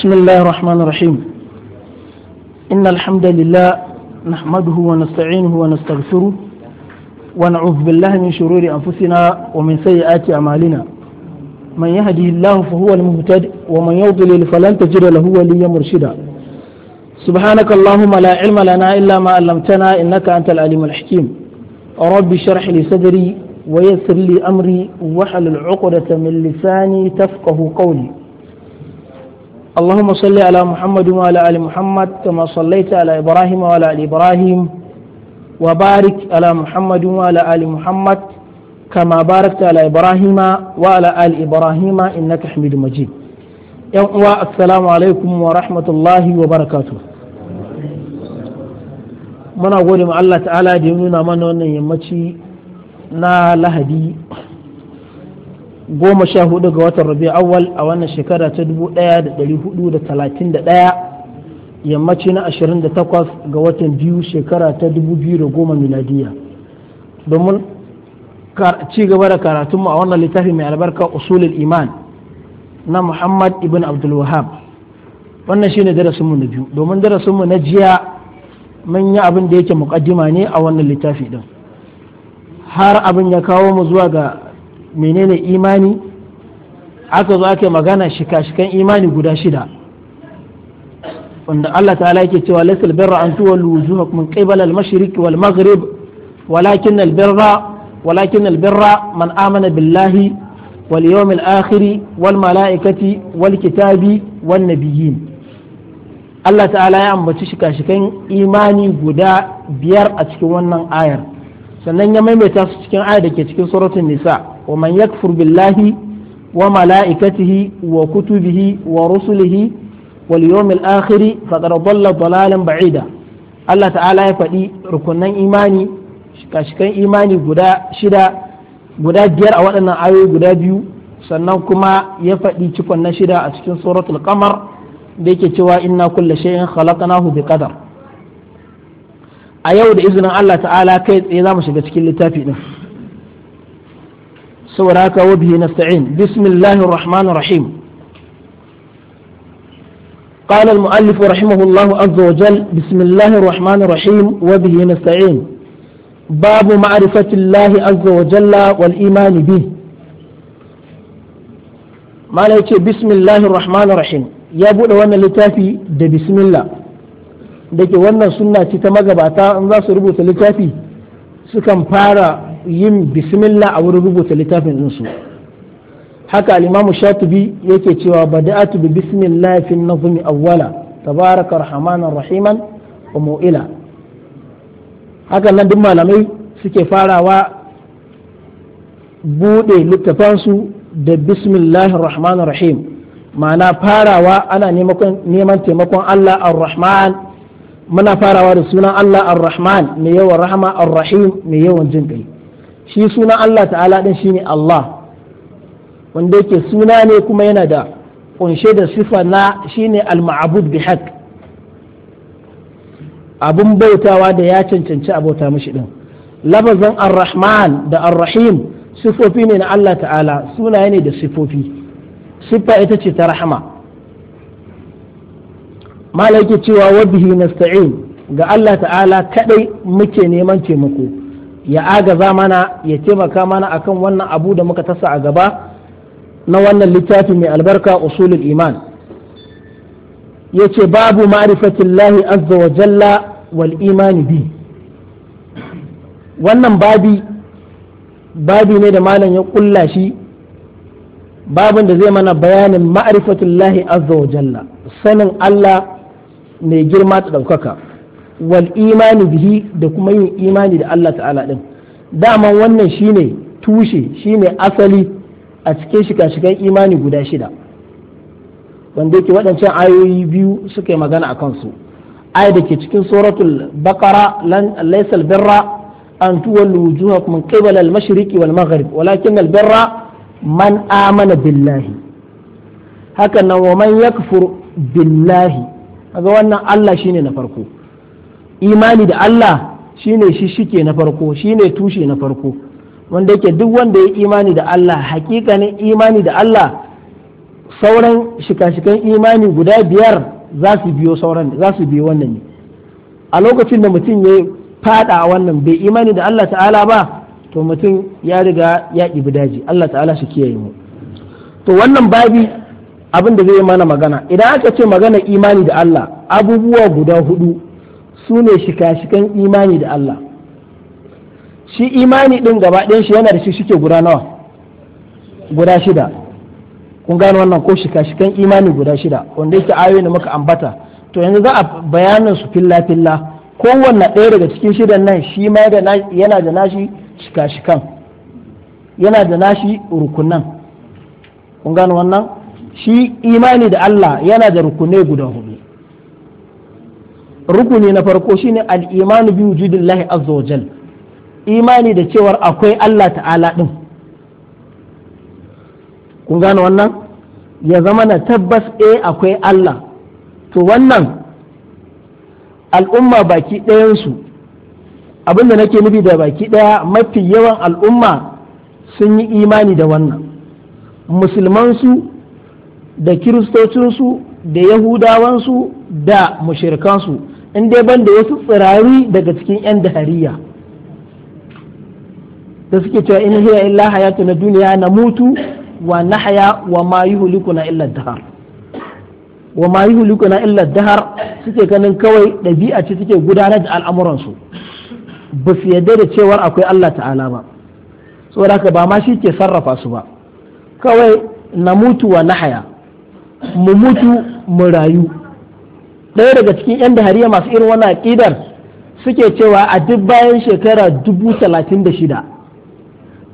بسم الله الرحمن الرحيم إن الحمد لله نحمده ونستعينه ونستغفره ونعوذ بالله من شرور أنفسنا ومن سيئات أعمالنا من يهدي الله فهو المهتد ومن يضلل فلن تجد له وليا مرشدا سبحانك اللهم لا علم لنا إلا ما علمتنا إنك أنت العليم الحكيم رب اشرح لي صدري ويسر لي أمري وحل العقدة من لساني تفقه قولي اللهم صل على محمد وعلى آل محمد كما صليت على إبراهيم وعلى آل إبراهيم وبارك على محمد وعلى آل محمد كما باركت على إبراهيم وعلى آل إبراهيم إنك حميد مجيد يوم السلام عليكم ورحمة الله وبركاته muna gode ma Allah ta'ala da ya nuna mana wannan yammaci na lahadi goma sha hudu ga watan rabi awal a wannan shekara ta dubu daya da dari hudu da talatin da daya yammaci na ashirin da takwas ga watan biyu shekara ta dubu biyu da goma miladiya domin ci gaba da karatunmu a wannan littafi mai albarka usulul iman na muhammad ibn abdul wahab wannan shine darasinmu na biyu domin darasinmu na jiya mun yi abin da yake muƙaddima ne a wannan littafi din har abin ya kawo mu zuwa ga menene imani aka zo ake magana shika-shikan imani guda shida wanda Allah ta'ala yake cewa laysal birra an tuwallu wujuhakum qibala al-mashriq wal maghrib walakin al-birra walakin al-birra man amana billahi wal yawmil akhir wal malaikati wal kitabi wan nabiyyin Allah ta'ala ya ambaci shika-shikan imani guda biyar a cikin wannan ayar sannan ya maimaita su cikin ayar da ke cikin suratul nisa' ومن يكفر بالله وملائكته وكتبه ورسله واليوم الآخر فقد ضل ضلالا بعيدا الله تعالى يفدي ركنا إيماني شكاشكان إيماني قدا شدا قدا جير a waɗannan آيو guda بيو sannan kuma ya faɗi cikon na shida a cikin suratul kamar da yake cewa inna kulla shay'in khalaqnahu bi qadar a yau da izinin Allah ta'ala kai tsaye za mu shiga cikin littafi din saboda haka wa bihi nasta'in bismillahir rahmanir rahim قال المؤلف رحمه الله عز وجل بسم الله الرحمن الرحيم وبه نستعين باب معرفة الله عز وجل والإيمان به ما لك بسم الله الرحمن الرحيم يا بود وانا لتافي ده بسم الله da ke wannan sunna ce ta magabata in za su rubuta littafi sukan fara yin bismillah a wurin rubuta littafin ɗinsu haka al shatubi yake cewa atu bi bismillah fi nazmi awwala tabaraka rahmanan rahiman wa mu'ila haka nan duk malamai suke farawa bude littafansu da bismillah rahmanan rahim ma'ana farawa ana neman taimakon Allah ar-rahman muna farawa da sunan Allah ar-Rahman mai yawan rahama ar-Rahim mai yawan jin kai shi suna Allah ta'ala din shine Allah wanda yake suna ne kuma yana da kunshe da sifa na shine al-ma'bud bi haq abun bautawa da ya cancanci abota mashi mishi din labazin ar-rahman da ar-rahim sifofi ne na Allah ta'ala sunaye ne da sifofi Sifa ita ce ta rahma. malaki cewa wabihi nasta'in ga Allah ta'ala kadai muke neman taimako ya agaza mana ya taimaka mana akan wannan abu da muka tasa a gaba na wannan littafi mai albarka usulul iman yace babu ma'rifatillahi azza wa jalla wal imani bi wannan babi babi ne da malam ya kulla shi babin da zai mana bayanin ma'rifatullahi azza wa jalla sanin Allah mai girma ta ɗaukaka wal imani bihi da kuma yin imani da Allah ta'ala din dama wannan shine tushe shine asali a cikin shika-shikan imani guda shida wanda yake waɗancan ayoyi biyu suka yi magana a kansu ayat da ke cikin suratul baqara lan birra an tuwallu wujuhakum min qibala al mashriqi wal maghrib walakin al birra man amana billahi hakan nan wa man yakfur billahi kaga wannan Allah shine na farko imani da Allah shine shike na farko shine tushe na farko wanda yake duk wanda ya imani da Allah hakikanin imani da Allah sauran shika-shikan imani guda biyar za su biyo sauran za su biyo wannan ne a lokacin da mutum ya fada wannan bai imani da Allah ta'ala ba to mutum ya riga ya ibi daji Allah ta'ala shi kiyaye mu to wannan babi abin da zai mana magana idan aka ce magana imani da Allah abubuwa guda hudu su ne shika-shikan imani da Allah shi imani ɗin gaba ɗin shi yana da shi shike guda nawa guda shida kun gano wannan ko shika-shikan imani guda shida wanda yake ayoyi da muka ambata to yanzu za a bayanin su filla-filla kowanne ɗaya daga cikin shidan nan shi ma yana da nashi shika-shikan yana da nashi rukunan kun gano wannan shi imani da Allah yana da rukunai guda hudu rukuni na farko shine al-imanu bi wujudillahi azza wa imani da cewar akwai Allah ta'ala din kun gane wannan ya zama na tabbas eh akwai Allah to wannan al'umma baki ɗayansu abinda nake nufi da baki ɗaya mafi yawan al'umma sun yi imani da wannan musulmansu da kiristocinsu da yahudawansu da mushirkansu in dai ban da wasu tsirari daga cikin 'yan dahariya da suke cewa in hiya illa hayatu na duniya na mutu wa haya wa ma illa dahar wa ma yuhlikuna illa dahar suke ganin kawai ɗabi'a ce suke gudanar da al'amuransu ba su yarda da cewar akwai Allah ta'ala ba saboda haka ba ma shi ke sarrafa su ba kawai na mutu wa na haya mu mutu mu rayu ɗaya daga cikin yan dahariya masu irin wannan aƙidar suke cewa a duk bayan shekara dubu talatin da shida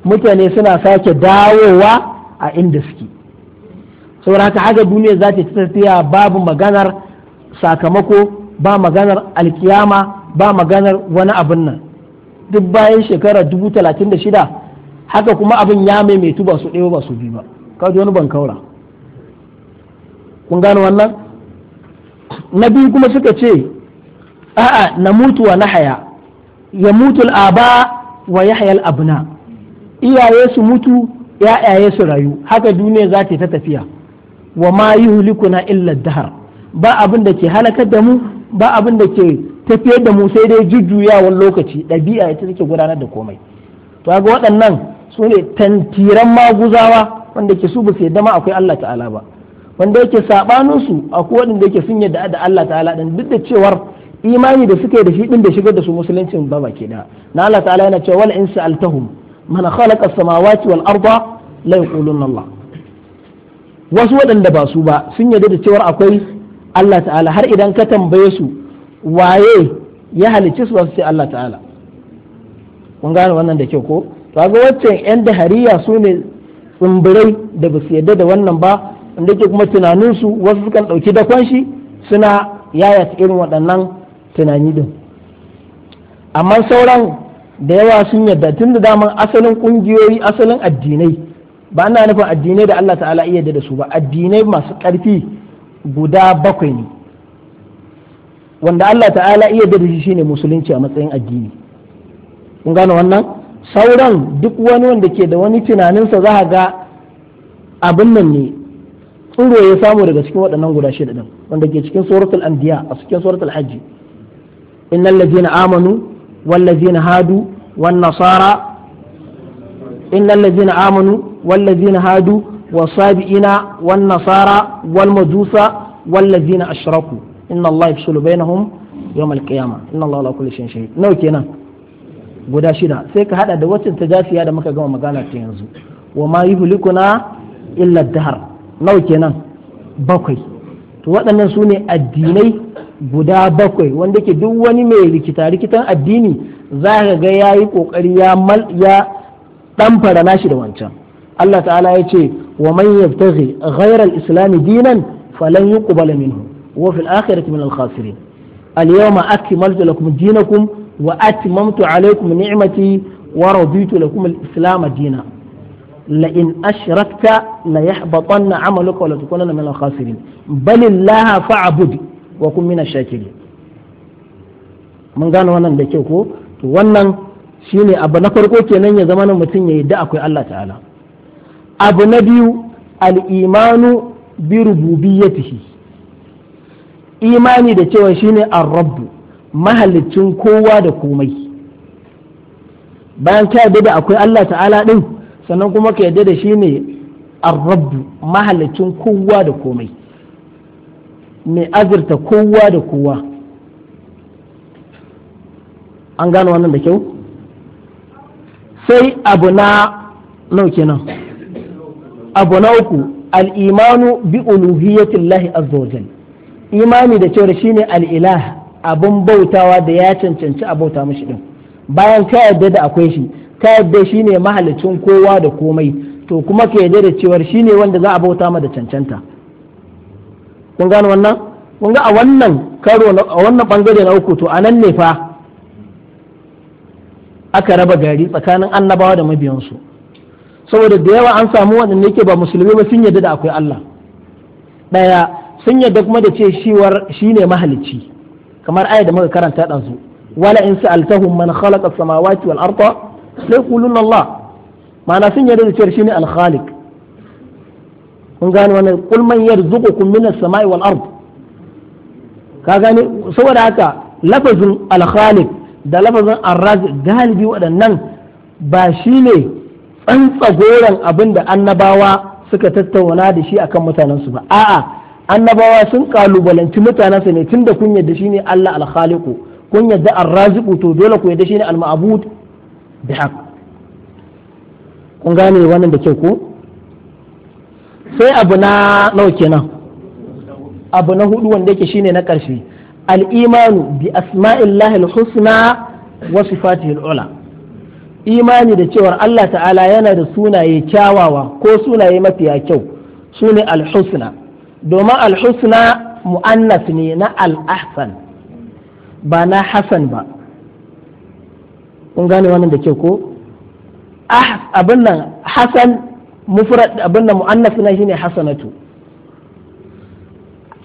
mutane suna sake dawowa a inda suke sauraka haka haka duniya za ta tafiya babu maganar sakamako ba maganar alkiyama ba maganar wani abin nan duk bayan shekara dubu talatin da shida haka kuma abin ya maimaitu ba su ɗaya ba su biyu ba kawai wani ban kaura kun gane wannan na biyu kuma suka ce a'a na mutu wa na haya ya mutu al'aba wa ya hayal abuna iyaye su mutu ya'yaye su rayu haka duniya za ta tafiya wa ma hulikuna illa dahar ba abin da ke halakar da mu ba abin da ke tafiyar da mu sai dai jujjuyawan lokaci ɗabi'a ita take gudanar da komai to ga waɗannan su ne tantiran maguzawa wanda ke su ba su yadda ma akwai Allah ta'ala ba wanda yake sabanin su akwai wanda yake sun yadda da Allah ta'ala din duk da cewar imani da suke da shi din da shigar da su musuluncin ba baki da na Allah ta'ala yana cewa wal insa altahum man khalaqa samawati wal arda la yaquluna Allah wasu waɗanda ba su ba sun yadda da cewar akwai Allah ta'ala har idan ka tambaye su waye ya halicci su su ce Allah ta'ala kun gane wannan da kyau ko to ga waccan yan dahariya su ne tsumbirai da ba su yadda da wannan ba inda ke kuma tunaninsu wasu sukan ɗauki dakon shi suna yaya irin waɗannan tunani din amma sauran da yawa sun yarda tun da daman asalin ƙungiyoyi asalin addinai ba ana nufin addinai da Allah ta'ala iya da su ba addinai masu ƙarfi guda bakwai ne wanda Allah ta'ala iya da shi shine musulunci a matsayin addini kun gane wannan sauran duk wani wanda ke da wani tunaninsa za ga abin nan ne tsoro ya samu daga cikin waɗannan guda shida din wanda ke cikin suratul anbiya a cikin suratul hajji innal ladzina amanu wal ladzina hadu wan nasara innal ladzina amanu wal ladzina hadu wasabiina wan nasara wal majusa wal ladzina ashraku inna allaha yafsulu bainahum yawm al qiyamah inna allaha ala kulli shay'in shahid nawa kenan guda shida sai ka hada da wacce ta jafiya da muka gama magana ta yanzu wa ma yuhlikuna illa dahar nawa kenan bakwai to waɗannan su ne addinai guda bakwai wanda ke duk wani mai rikita rikitan addini za ka ga ya yi ƙoƙari ya ɗamfara nashi da wancan Allah ta'ala ya ce wa man yabtaghi ghayra al-islam dinan falan yuqbala minhu wa fil akhirati min al-khasirin al-yawma akmaltu lakum dinakum wa atmamtu alaykum ni'mati wa raditu lakum al-islam dinan لئن أشركت ليحبطن عملك ولتكونن من الخاسرين بل الله فاعبد وكن من الشاكرين من gano wannan da kyau ko to wannan shine abu na farko kenan ya zama mutum ya da akwai Allah ta'ala abu na biyu al-imanu bi rububiyyatihi imani da cewa shine ar-rabb mahalicin kowa da komai bayan ka yadda akwai Allah ta'ala din sannan kuma ka yadda da shi ne arrabu mahallacin kowa da komai mai azurta kowa da kowa an gano wannan da kyau sai abu na nau kenan abu na uku al'imanu bi uluhiyyatin lahi azzawajal imani da cewar shine al'ilah abin bautawa da ya cancanci a bauta mashi ɗin, bayan ka yarda da akwai shi ta yadda shi ne mahalicin kowa da komai to kuma ka yadda da cewar shi ne wanda za a bauta ma da cancanta kun gano wannan kun ga a wannan karo a wannan bangare na uku to a nan ne fa aka raba gari tsakanin annabawa da mabiyansu saboda da yawa an samu waɗanda yake ba musulmi ba sun yadda da akwai Allah ɗaya sun yadda kuma da ce shiwar shi ne mahalicci kamar aya da muka karanta ɗansu wala in sa'altahum man khalaqa samawati wal arda sai kulun Allah ma'ana sun yarda da cewar shine al-khaliq kun gane wannan kul man yarzuqukum minas sama'i wal ard ka gane saboda haka lafazin al-khaliq da lafazin ar-razi galibi waɗannan ba shine tsantsagoran abin da annabawa suka tattauna da shi akan mutanensu ba a'a annabawa sun kalubalanci mutanensu ne tunda kun yadda shine Allah al-khaliqu kun yadda ar-raziqu to dole ku yadda shine al-ma'bud bihaq kun gane wannan da kyau ko sai abu na nawa kenan abu na hudu wanda yake shine na karshe al bi asma'illahi al-husna wa sifatihi al-ula imani da cewa Allah ta'ala yana da sunaye kyawawa ko sunaye mafiya kyau sune al-husna domin al-husna mu'annas ne na al-ahsan ba na hasan ba kun gane wannan da kyau ko ah, abin nan hasan mufrad abin nan mu'annas na shine hasanatu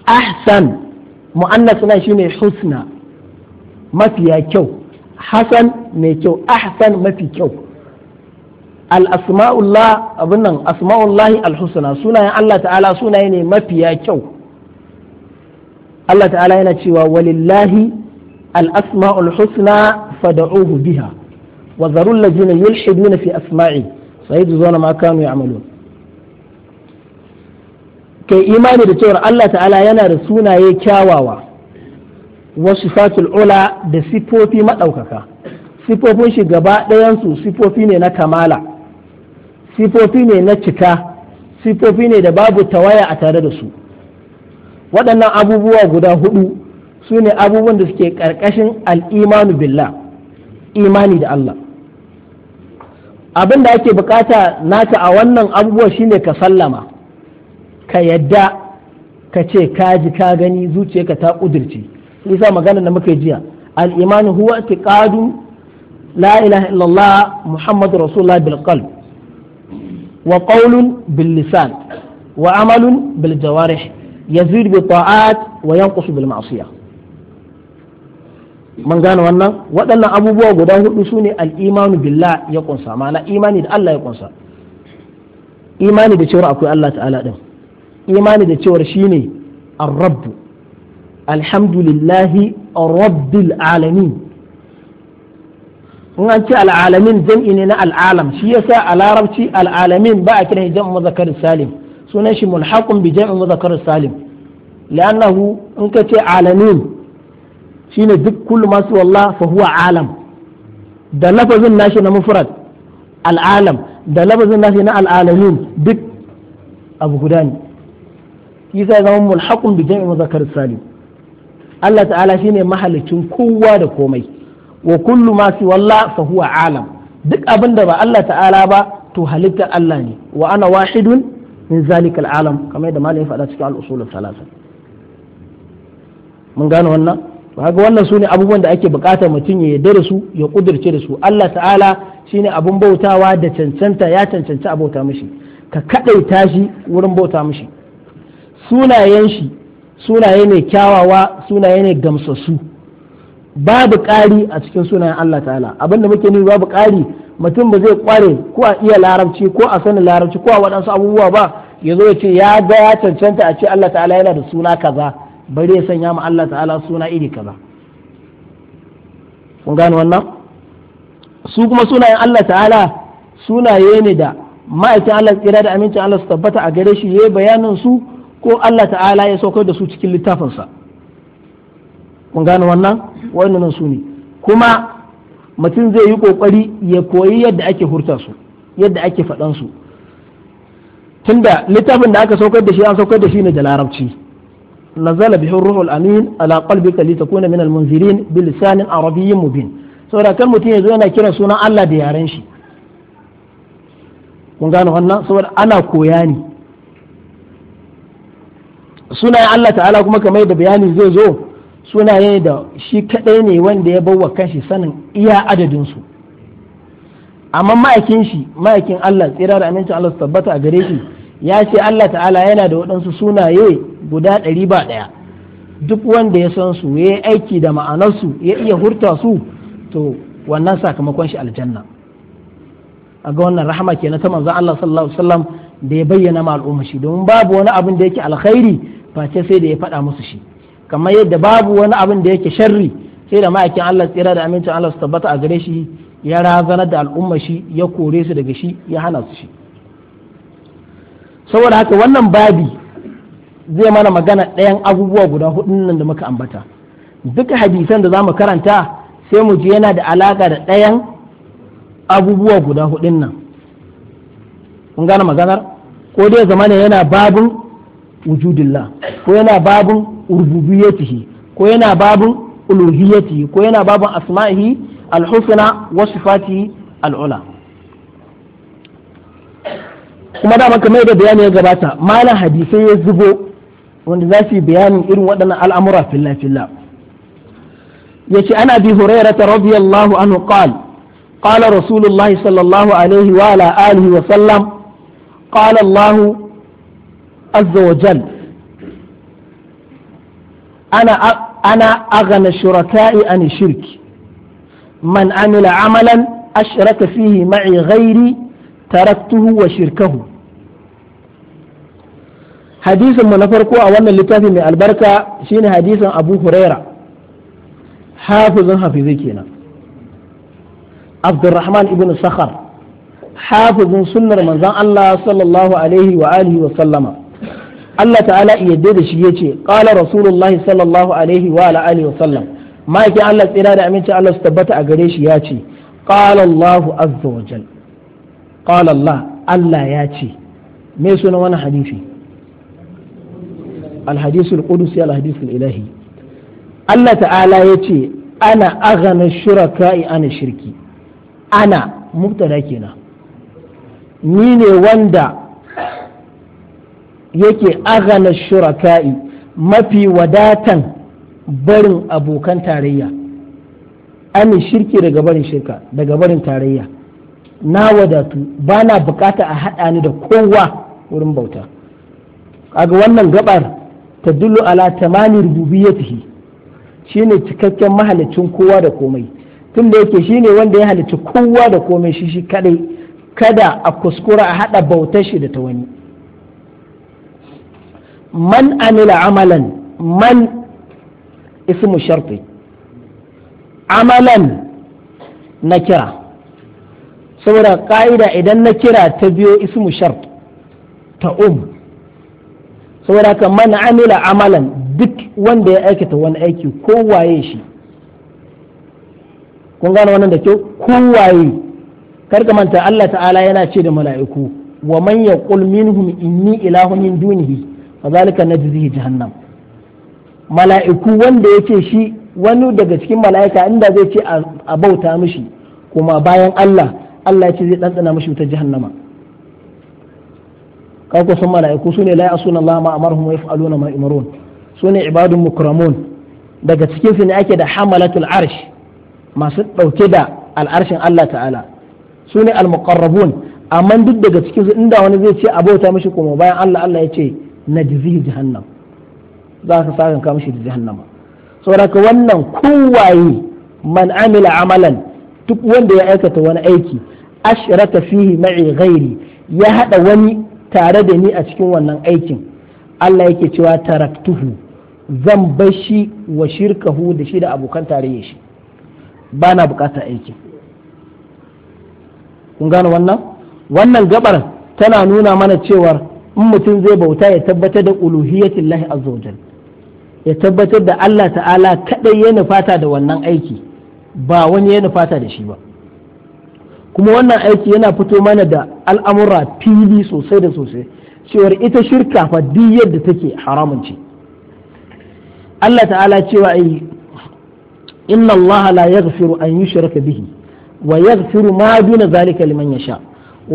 ahsan mu'annas na shine husna mafiya kyau hasan mai kyau ahsan mafi kyau al-asma'ullah abin nan asma'ullahi al-husna sunayen Allah ta'ala sunaye ne mafiya kyau Allah ta'ala yana cewa walillahi al-asma'ul husna fad'uhu biha wa zarul ladina yulhiduna fi asma'i sayajzuna ma kanu ya'malun kai imani da cewar Allah ta'ala yana da sunaye kyawawa wasu satul ula da sifofi maɗaukaka, sifofin shi gaba ɗayansu sifofi ne na kamala sifofi ne na cika sifofi ne da babu tawaya a tare da su waɗannan abubuwa guda hudu su ne abubuwan da suke ƙarƙashin al al'imanu billah imani da Allah abin da ake bukata naka a wannan abubuwa shine ka sallama ka yadda ka ce ka ji ka gani zuciyarka ta kudirce isa magana da muka jiya al-iman huwa i'tiqadu la ilaha illallah muhammadu rasulullah bil qalb wa qawlun bil lisan wa amalun bil jawarih yazid bi ta'at wa yanqus bil ma'siyah mun gane wannan waɗannan abubuwa guda hudu su ne al'imanu billah ya kunsa ma'ana imani da Allah ya kunsa imani da cewar akwai Allah ta'ala ɗin imani da cewar shine ne rabb alhamdulillahi rabbil alamin in an ce al'alamin jam'i ne na al'alam shi ya sa a larabci al'alamin ba a kira jam'u muzakkar salim sunan shi mulhaqun bi jam'i muzakkar salim li'annahu in ka ce alamin shine duk kullu masu wallah fa huwa alam da lafazin nashi na mufrad al'alam da lafazin nashi na al'alamin duk abu guda ne ya zama mulhaqun bi jami'i mazakar salim Allah ta'ala shine mahalicin kowa da komai wa kullu masu wallah fa huwa alam duk abin da ba Allah ta'ala ba to halitta Allah ne wa ana wahidun min zalikal alam kamar yadda malamin faɗa cikin al-usul thalatha mun gano wannan kaga wannan ne abubuwan da ake bukatar mutum ya yarda da su ya kudirce da su Allah ta'ala shi ne abin bautawa da cancanta ya cancanci a bauta mishi ka kadaita shi wurin bauta mishi sunayen shi sunaye ne kyawawa sunaye ne gamsassu babu ƙari a cikin sunayen Allah ta'ala da muke nuna babu ƙari mutum ba zai kware ko a iya larabci ko a sanin larabci ko a waɗansu abubuwa ba ya zo ya ce ya ga ya cancanta a ce Allah ta'ala yana da suna kaza bari ya sanya ma Allah ta'ala suna iri kaza kun gane wannan su kuma sunayen Allah ta'ala sunaye ne da ma'aikin Allah tsira da amincin Allah su tabbata a gare shi yayin bayanin su ko Allah ta'ala ya saukar da su cikin littafinsa kun gane wannan wannan su ne kuma mutum zai yi kokari ya koyi yadda ake hurta su yadda ake faɗan su tunda littafin da aka saukar da shi an saukar da shi ne da larabci nazala bihi ruhul amin ala qalbika litakuna min almunzirin bilisanin arabiyyin mubin saboda kan mutum yazo yana kiran sunan Allah da yaren shi kun gane wannan saboda ana koya ni. sunayen Allah ta'ala kuma kamar da bayani zai zo sunaye da shi kadai ne wanda ya bawa kanshi sanin iya adadin su amma ma'aikin shi ma'aikin Allah tsira da amincin Allah su tabbata a gare shi ya ce Allah ta'ala yana da waɗansu sunaye guda ɗari ba ɗaya duk wanda ya san su ya yi aiki da ma'anarsu ya iya hurta su to wannan sakamakon shi aljanna a ga wannan rahama ke na ta manzan Allah sallallahu alaihi wasallam da ya bayyana ma al'umma shi domin babu wani abin da yake alkhairi face sai da ya faɗa musu shi kamar yadda babu wani abin da yake sharri sai da ma'aikin Allah tsira da amincin Allah su tabbata a gare shi ya razanar da al'umma shi ya kore su daga shi ya hana su shi saboda haka wannan babi zai mana magana ɗayan abubuwa guda hudun nan da muka ambata duka hadisan da za mu karanta sai mu ji yana da alaka da ɗayan abubuwa guda hudun nan kun gane maganar ko dai zama ne yana babin wujudillah ko yana babin urbubiyyatihi ko yana babin uluhiyyatihi ko yana babun asma'ihi alhusna wa sifatihi al'ula kuma da maka mai da bayani ya gabata malam hadisai ya zubo wanda za su yi bayani irin waɗannan al'amura filla-filla ya ce ana bi hurairah ta radiyallahu anhu qal qala rasulullahi sallallahu alaihi wa sallam qala allah azza wa jal ana ana aghna shuraka'i an shirk man amila amalan ashraka fihi ma'i ghairi taraktuhu wa shirkahu hadisin mu na farko a wannan littafi mai albarka shine hadisin abu huraira hafizin hafizai kenan abdurrahman ibn sakhar hafizin sunnar manzon Allah sallallahu alaihi wa alihi wa sallama Allah ta'ala yadda da shi yace qala rasulullahi sallallahu alaihi wa alihi wa sallam ma'aikin Allah tsira da aminci Allah su tabbata a gare shi yace qala Allahu azza wa jal qala Allah Allah yace me sunan wannan hadisi alhadisul ya alhadisul ilahi Allah ta'ala ya ce ana aghana shuraka'i ana shirki ana mubtada kenan ni ne wanda yake aghana shuraka'i mafi wadatan barin abokan tarayya ana shirki daga barin shirka daga barin tarayya na wadatu bana na bukata a haɗa ni da kowa wurin bauta kaga wannan gabar tadullu ala ya rububiyyatihi shine cikakken mahalicin kowa da komai tun da yake shine wanda ya halicci kowa da komai shi shi kadai kada a kuskura a hada bautar shi da ta wani man amila amalan man ismu sharti amalan na kira saboda ka'ida idan na kira ta biyo ismu shart ta um saboda haka mana amila amalan duk wanda ya aikata wani aiki kowaye shi kun gane wannan da kyau kowaye karka manta Allah ta'ala yana ce da mala'iku wa man yaqul minhum inni ilahun min dunihi fa zalika najzihi jahannam mala'iku wanda yake shi wani daga cikin mala'ika inda zai ce a bauta mishi kuma bayan Allah Allah ya ce zai dantsana mishi ta jahannama kaga sun mala'iku su ne la ya'suna Allah ma amarhum wa yaf'aluna ma yumarun su ne ibadun mukramun daga cikin su ne ake da hamalatul arsh masu dauke da al'arshin Allah ta'ala su ne al-muqarrabun amma duk daga cikin su inda wani zai ce abota mishi kuma bayan Allah Allah ya ce najzi jahannam za ka sa ka mishi jahannama saboda wannan kowaye man amila amalan duk wanda ya aikata wani aiki ashraka fihi ma'i ghairi ya hada wani tare da ni a cikin wannan aikin Allah yake cewa taraktuhu zan bar shi wa shirkahu da shi da abokan tarayya shi ba na bukata aikin kun gane wannan wannan gabar tana nuna mana cewar in mutum zai bauta ya tabbatar da uluhiyatin lahi azawajal ya tabbatar da Allah ta'ala kadai ya nufata da wannan aiki ba wani ya nufata da shi ba kuma wannan aiki yana fito mana da al'amura fili sosai da sosai cewar ita shirka fa duk yadda take haramun ce Allah ta'ala cewa ai inna Allah la yaghfiru an yushraka bihi wa yaghfiru ma duna zalika liman yasha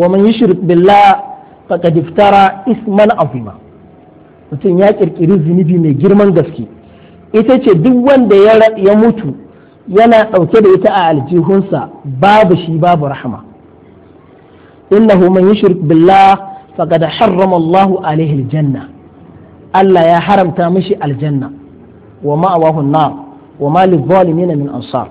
wa man yushrik billah faqad iftara isman azima mutum ya kirkiri zunubi mai girman gaske ita ce duk wanda ya mutu yana ɗauke da ita a aljihunsa babu shi babu rahama innahu man yushrik billah faqad harrama Allahu alaihi aljanna Allah ya haramta mishi aljanna wa ma'awahu an-nar wa ma lidh-dhalimin min ansar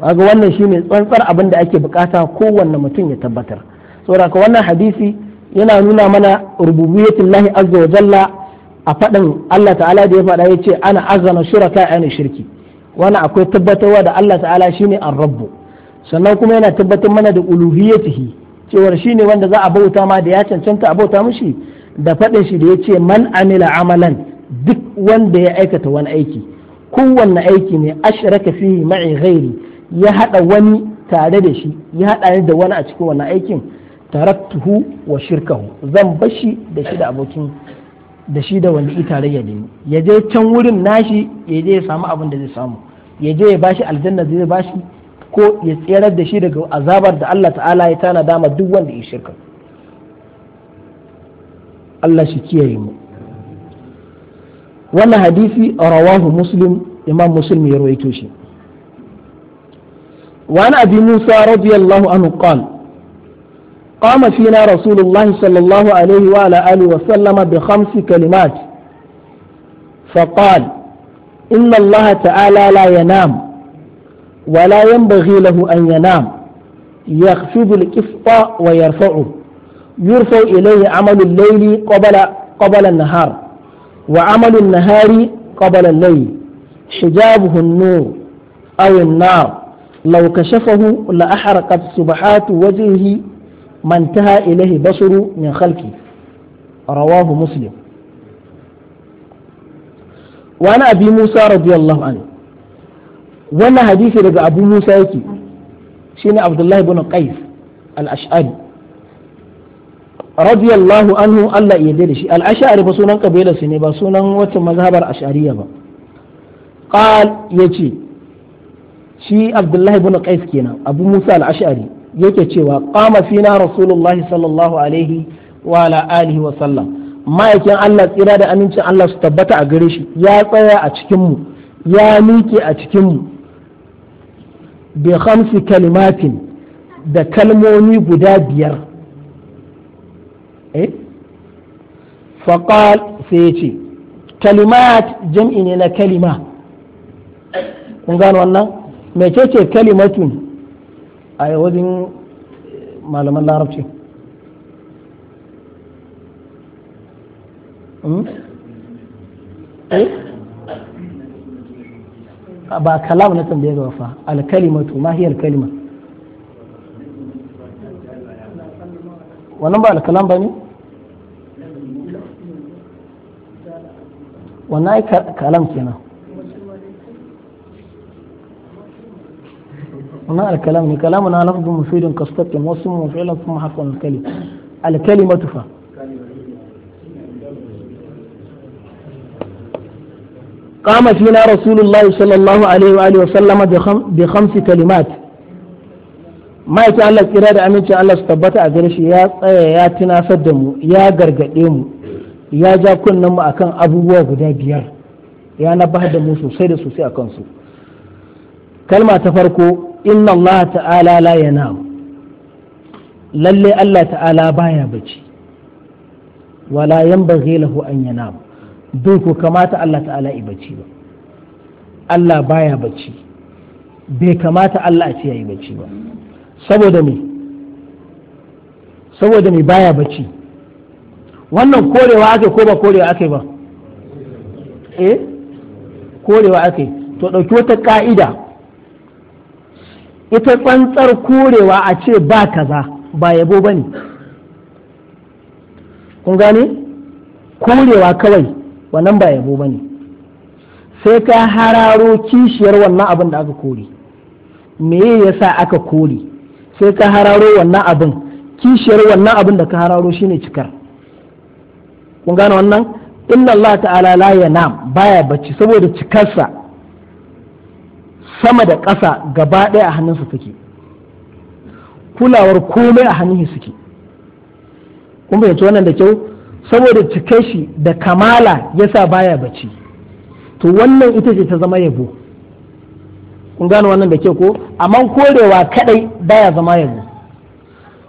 kaga wannan shine tsantsar abin da ake bukata kowanne mutum ya tabbatar saboda wannan hadisi yana nuna mana rububiyatullahi azza wa jalla a faɗin Allah ta'ala da ya faɗa ya ce ana azana shuraka ana shirki wannan akwai tabbatarwa da Allah ta'ala shine an rabbu sannan kuma yana tabbatar mana da uluhiyyatihi cewar shine wanda za a bauta ma da ya cancanta a bauta mishi da faɗin shi da ya ce man amila amalan duk wanda ya aikata wani aiki kowanne aiki ne ashraka fihi ma'i ghairi ya hada wani tare da shi ya hada ni da wani a cikin wannan aikin taraktuhu wa shirkahu zan bashi da shi da abokin da shi da wanda tarayya da ni ya je can wurin nashi ya je ya samu abin da zai samu ya je ya bashi aljanna zai bashi ko ya tserar da shi daga azabar da Allah ta'ala ya tana dama duk wanda ya shirka Allah shi kiyaye mu wannan hadisi rawahu muslim imam muslim ya rawaito shi وعن أبي موسى رضي الله عنه قال قام فينا رسول الله صلى الله عليه وعلى آله وسلم بخمس كلمات فقال إن الله تعالى لا ينام ولا ينبغي له أن ينام يخفض الكفط ويرفعه يرفع إليه عمل الليل قبل قبل النهار وعمل النهار قبل الليل حجابه النور أو النار لو كشفه لأحرقت سبحات وجهه ما انتهى إليه بصر من خلقه رواه مسلم وعن أبي موسى رضي الله عنه wannan hadisi daga abu musa yake ne abdullahi ibn qais al-ash'ari radiyallahu anhu Allah ya yarda da shi al-ash'ari sunan kabilar su ne ba sunan wata mazhabar ash'ariya ba qal yace shi abdullahi ibn qais kenan abu musa al-ash'ari yake cewa qama fina rasulullahi sallallahu alaihi wa ala alihi wa sallam ma'aikin Allah tsira da amincin Allah su tabbata a gare shi ya tsaya a cikin mu ya miƙe a cikin mu bi khamsi kalimatin da kalmomi guda biyar eh faqal sai ya ce kalimat jam'i ne na kalima kun gano wannan ce kalimatun a wajen malaman larabci hmm? eh ba kalam na tambaye ga fa alkalimatu ma hiya kalima wannan ba alkalam ba ne wannan ai kalam kenan wannan alkalam ne kalamu na lafzun mufidin kasfatin wasu mu fi'lan kuma hakan alkalim alkalimatu fa قام فينا رسول الله صلى الله عليه وآله وسلم بخمس كلمات ما يتعلق da aminci Allah su tabbata a gare shi ya tsaya ya tunasar da mu ya gargaɗe mu ya ja kunnen mu akan abubuwa guda biyar ya nabahar da mu sosai da sosai akan su kalma ta farko inna Allah ta'ala la yanam lalle Allah ta'ala baya bacci wala yanbaghi lahu an yanam bai ko kamata Allah ta'ala yi bacci ba Allah baya bacci bai kamata Allah a ce yayi bacci ba saboda me saboda me baya bacci wannan korewa ake ko ba korewa ake ba eh korewa ake to ɗauki wata ka'ida ita tsantsar korewa a ce ba kaza ba yabo ba ne kun gane korewa kawai wannan ba yabo ba ne sai ka hararo kishiyar wannan abin da aka kore me ya sa aka kore sai ka hararo wannan abin kishiyar wannan abin da ka hararo shine cikar kun gane wannan inna Allah ta'ala la yanam baya bacci saboda cikarsa sama da ƙasa gaba ɗaya a hannunsa take kulawar komai a hannun suke kun bayyanci wannan da kyau saboda cike shi da kamala ya sa baya bacci to wannan ita ce ta zama yabo kun gano wannan da ke ko amma korewa kadai baya zama yabo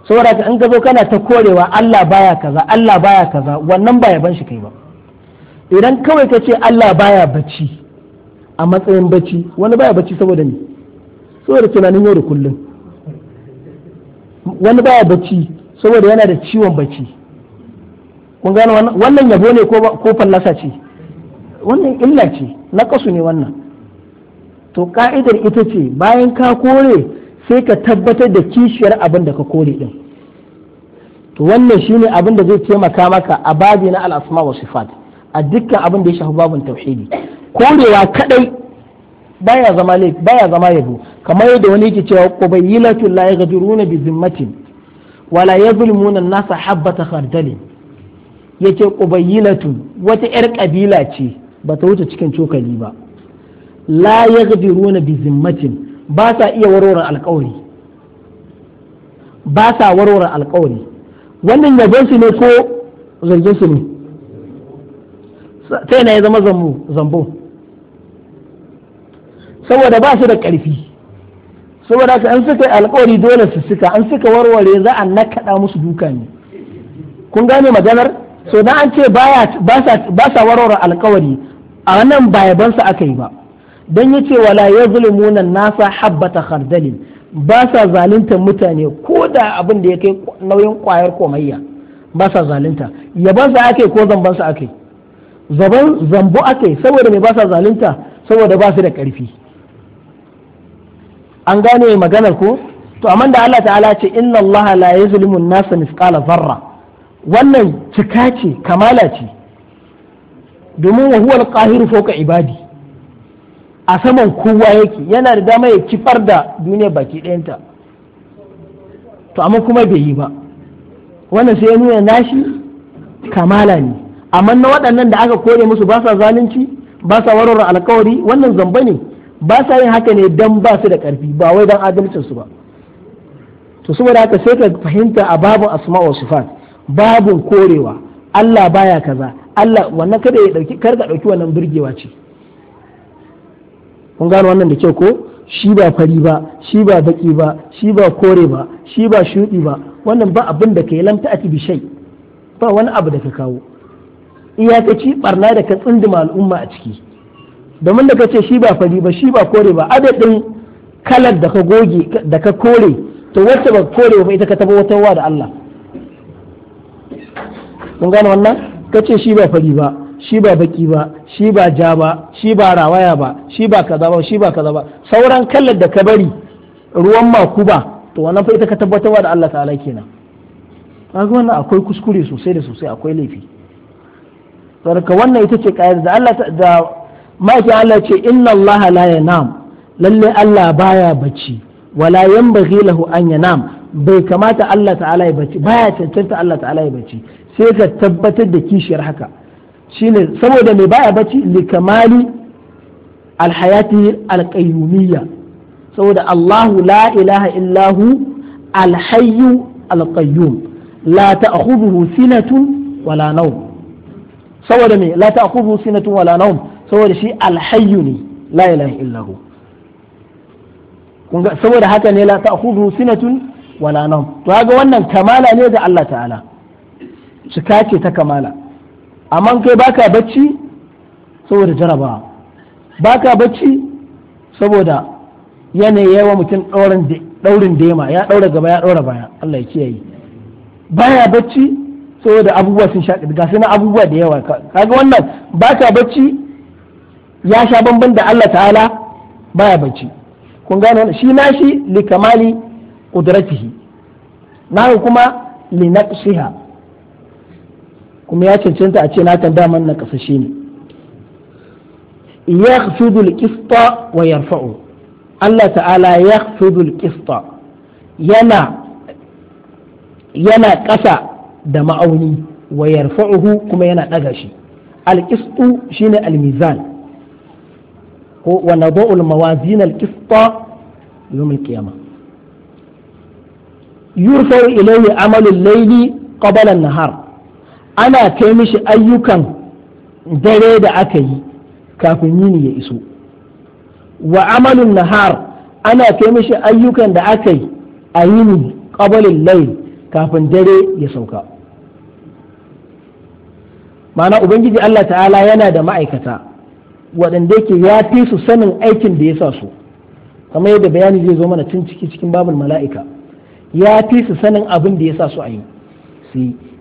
saboda ka in ka zo kana ta korewa Allah baya kaza Allah baya kaza wannan ba ban shi kai ba idan kawai ka ce Allah baya bacci a matsayin bacci wani baya bacci saboda ni saboda tunanin yau da kullum wani baya bacci saboda yana da ciwon bacci kun gano wannan yabo ne ko fallasa ce wannan illa ce na kasu ne wannan to ka'idar ita ce bayan ka kore sai ka tabbatar da kishiyar abin da ka kore din to wannan shine abin da zai taimaka maka a babi na al'asma wa sifat a dukkan abin da ya shafi babin tauhidi korewa kadai baya zama baya zama yabo kamar yadda wani yake cewa qubayyilatul la yaghdiruna bi zimmatin wala yazlimuna an-nasa habbata khardalin yake ƙubayyilatu wata yar ƙabila ce ba ta wuce cikin cokali ba la yaghdiruna ruwan bizimmatin ba sa iya warware alƙawari ba sa warware alƙawari wannan yabon su ne ko zargin su ne sai na ya zama zambo saboda ba su da ƙarfi saboda ka an suka alƙawari dole su suka an suka warware za a nakaɗa musu duka ne kun gane maganar so da an ce ba sa warware alkawari a nan ba aka yi ba don ya ce wala ya nan nasa habbata khardalin ba sa zalunta mutane ko da abin da ya kai nauyin kwayar komayya ba sa zalunta yabansa ake ko zambansa ake zaban zambo ake saboda mai ba sa zalunta saboda ba su da karfi an gane maganar ko to amma da Allah ta'ala ce inna Allah la yuzlimu an-nasa mithqala zarra wannan cika ce kamala ce domin wahuwar ƙahiru foka ibadi a saman kowa yake yana da dama ya kifar da duniya baki ɗayanta to amma kuma bai yi ba wannan sai ya nuna nashi kamala ne amma na waɗannan da aka kore musu ba sa zalunci ba sa warware alkawari wannan zamba ne ba sa yin haka ne don ba su da ƙarfi ba wai don adalcinsu ba to saboda haka sai ka fahimta a babu Asma'u wa babin korewa Allah baya kaza Allah wannan kada ya dauki karka dauki wannan burgewa ce kun gano wannan da kyau ko shi ba fari ba shi ba baki ba shi ba kore ba shi ba shudi ba wannan ba abin da kai lamta a bishai ba wani abu da ka kawo iyakaci barna da ka tsunduma al'umma a ciki domin da ka ce shi ba fari ba shi ba kore ba adadin kalar da ka goge da ka kore to wacce ba kore ba ita ka taba wata da Allah mun gane wannan ka ce shi ba fari ba shi ba baki ba shi ba ja ba shi ba rawaya ba shi ba kaza ba shi ba kaza ba sauran kallar da ka bari ruwan maku ba to wannan fa ita ka tabbatarwa da Allah ta'ala kenan kaga wannan akwai kuskure sosai da sosai akwai laifi saboda wannan ita ce kayar da Allah da maki Allah ce inna Allah la yanam lalle Allah baya bacci wala yanbaghi lahu an yanam bai kamata Allah ta'ala ya bacci baya cancanta Allah ta'ala ya bacci sai ka tabbatar da kishiyar haka shine saboda mai baya bacci likamali alhayati alqayyumiyya saboda Allahu la ilaha illahu alhayu alqayyum la ta'khudhuhu sinatun wala nawm saboda me la ta'khudhuhu sinatun wala nawm saboda shi alhayu ne la ilaha illahu saboda haka ne la ta'khudhuhu sinatun wala nawm to kaga wannan kamala ne da Allah ta'ala cika ce ta kamala amma kai baka bacci saboda jarabawa baka bacci saboda yanayi yawa mutum daurin dema ya daura gaba ya daura baya Allah ya kiyaye baya bacci saboda abubuwa sun sha ga sai na abubuwa da yawa kaga wannan baka bacci ya sha bamban da Allah ta'ala baya bacci kun gane wannan shi nashi likamali kudratihi na nahu kuma li kuma ya cancanta a ce na tambaya man na kasashe ne yakhfidu al-qista wa yarfa'u Allah ta'ala ya al-qista yana yana ƙasa da ma'auni wa yarfa'uhu kuma yana ɗaga shi al shine almizan. mizan ko wa nadau al-mawazin al-qista yawm al ilayhi layli qabla nahar ana kai mishi ayyukan dare da aka yi kafin yini ya iso wa amalin nahar ana kai mishi ayyukan da aka yi a yini ƙabalin lail kafin dare ya sauka mana ubangiji Allah ta'ala yana da ma'aikata waɗanda yake ya fi su sanin aikin da ya sa su kamar yadda bayani zai zo mana cin ciki cikin babul mala'ika ya fi su sanin abin da ya sa su a yi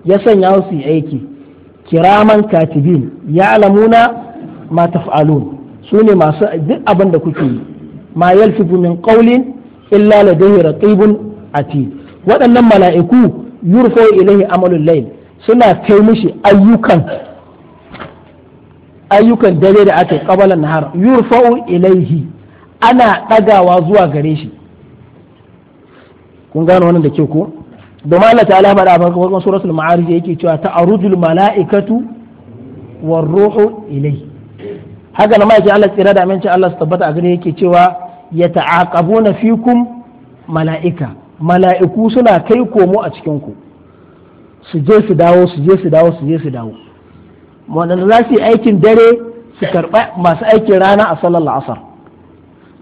ya sanya su aiki kiraman katibin ya alamuna ma taf'alun su ne masu duk abin da kuke yi ma yalfifu min qawlin illa ladayhi raqibun ati waɗannan mala'iku yurfa ilaihi amalul layl suna kai mishi ayyukan ayyukan dare da ake kabalan nahar yurfa'u ilaihi ana ɗagawa zuwa gare shi kun gano wannan da ke ko domin Allah ta'ala faɗa a farkon suratul ma'arij yake cewa ta'arujul mala'ikatu war ruhu ilai haka nan ma'aikin Allah tsira da amincin Allah su tabbata a gare yake cewa ya ta'aqabuna fikum mala'ika mala'iku suna kai komo a cikin ku su je su dawo su je su dawo su je su dawo wanda za su yi aikin dare su karba masu aikin rana a sallar asar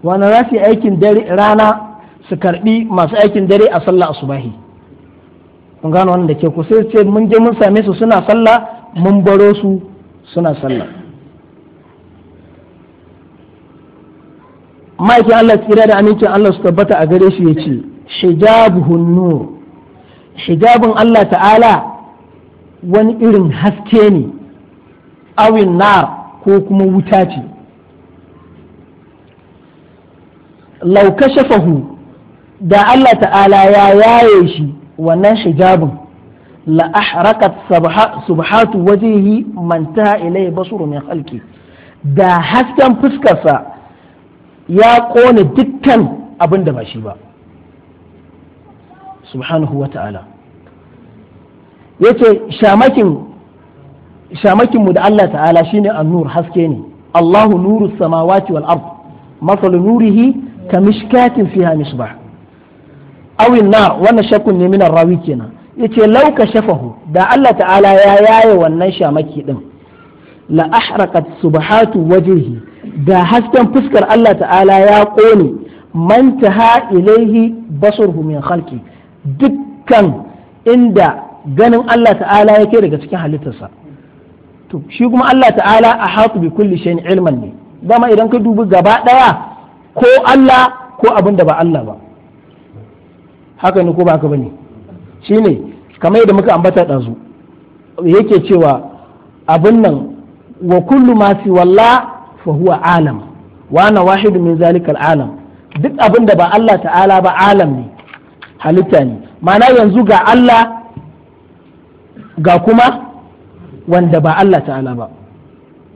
waɗanda za su yi aikin rana su karɓi masu aikin dare a sallar asubahi kun gano wannan da ke ku sai ce mun je mun same su suna sallah mun baro su suna sallah ma'aikin Allah tsira da amincin Allah su tabbata a gare shi ya ce shijabuhun nur shijabun Allah ta'ala wani irin haske ne awin na ko kuma wuta ce lau kashafahu da Allah ta'ala ya yaye shi wannan shijabin la ahrakat subhatu wajhihi man ilayhi basuru min khalqi da hasken fuskarsa ya kone dukkan abin da ba shi ba subhanahu wa ta'ala yace shamakin shamakin mu da Allah ta'ala shine an-nur haske ne Allahu nuru samawati wal ard masalu nurihi kamishkatin fiha misbah awin na wannan shakun ne minan rawi kenan yace lauka shafahu da Allah ta'ala ya yaye wannan shamaki din la ahraqat subhatu da hasken fuskar Allah ta'ala ya ƙone. man taha ilaihi basarhu min khalqi dukkan inda ganin Allah ta'ala yake daga cikin halittarsa to shi kuma Allah ta'ala a hatu bi kulli shay'in ilman ne dama idan ka dubi gaba daya ko Allah ko abin da ba Allah ba haka ne ko ba haka bane ne kamar yadda muka ambata ɗazu yake cewa abin nan wa kullu ma fi walla fa huwa alam wa ana wahidu min zalikal alam duk abin da ba Allah ta'ala ba alam ne halitta ne ma'ana yanzu ga Allah ga kuma wanda ba Allah ta'ala ba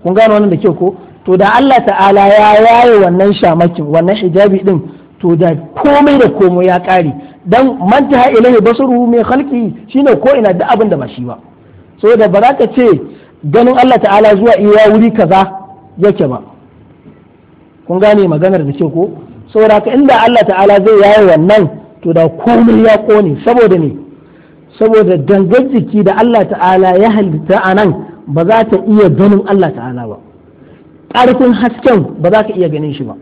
kun gano wannan da kyau ko to da Allah ta'ala ya yaye wannan shamakin wannan hijabi din to da komai da komai ya kare dan manta ilaihi basuru mai khalqi shine ko ina da abin da ba shi ba saboda ba za ka ce ganin Allah ta'ala zuwa iya wuri kaza yake ba kun gane maganar da ce ko saboda ka inda Allah ta'ala zai yaye wannan to da komai ya kone saboda ne saboda dangar jiki da Allah ta'ala ya halitta a nan ba za ta iya ganin Allah ta'ala ba ƙarfin hasken ba za ka iya ganin shi ba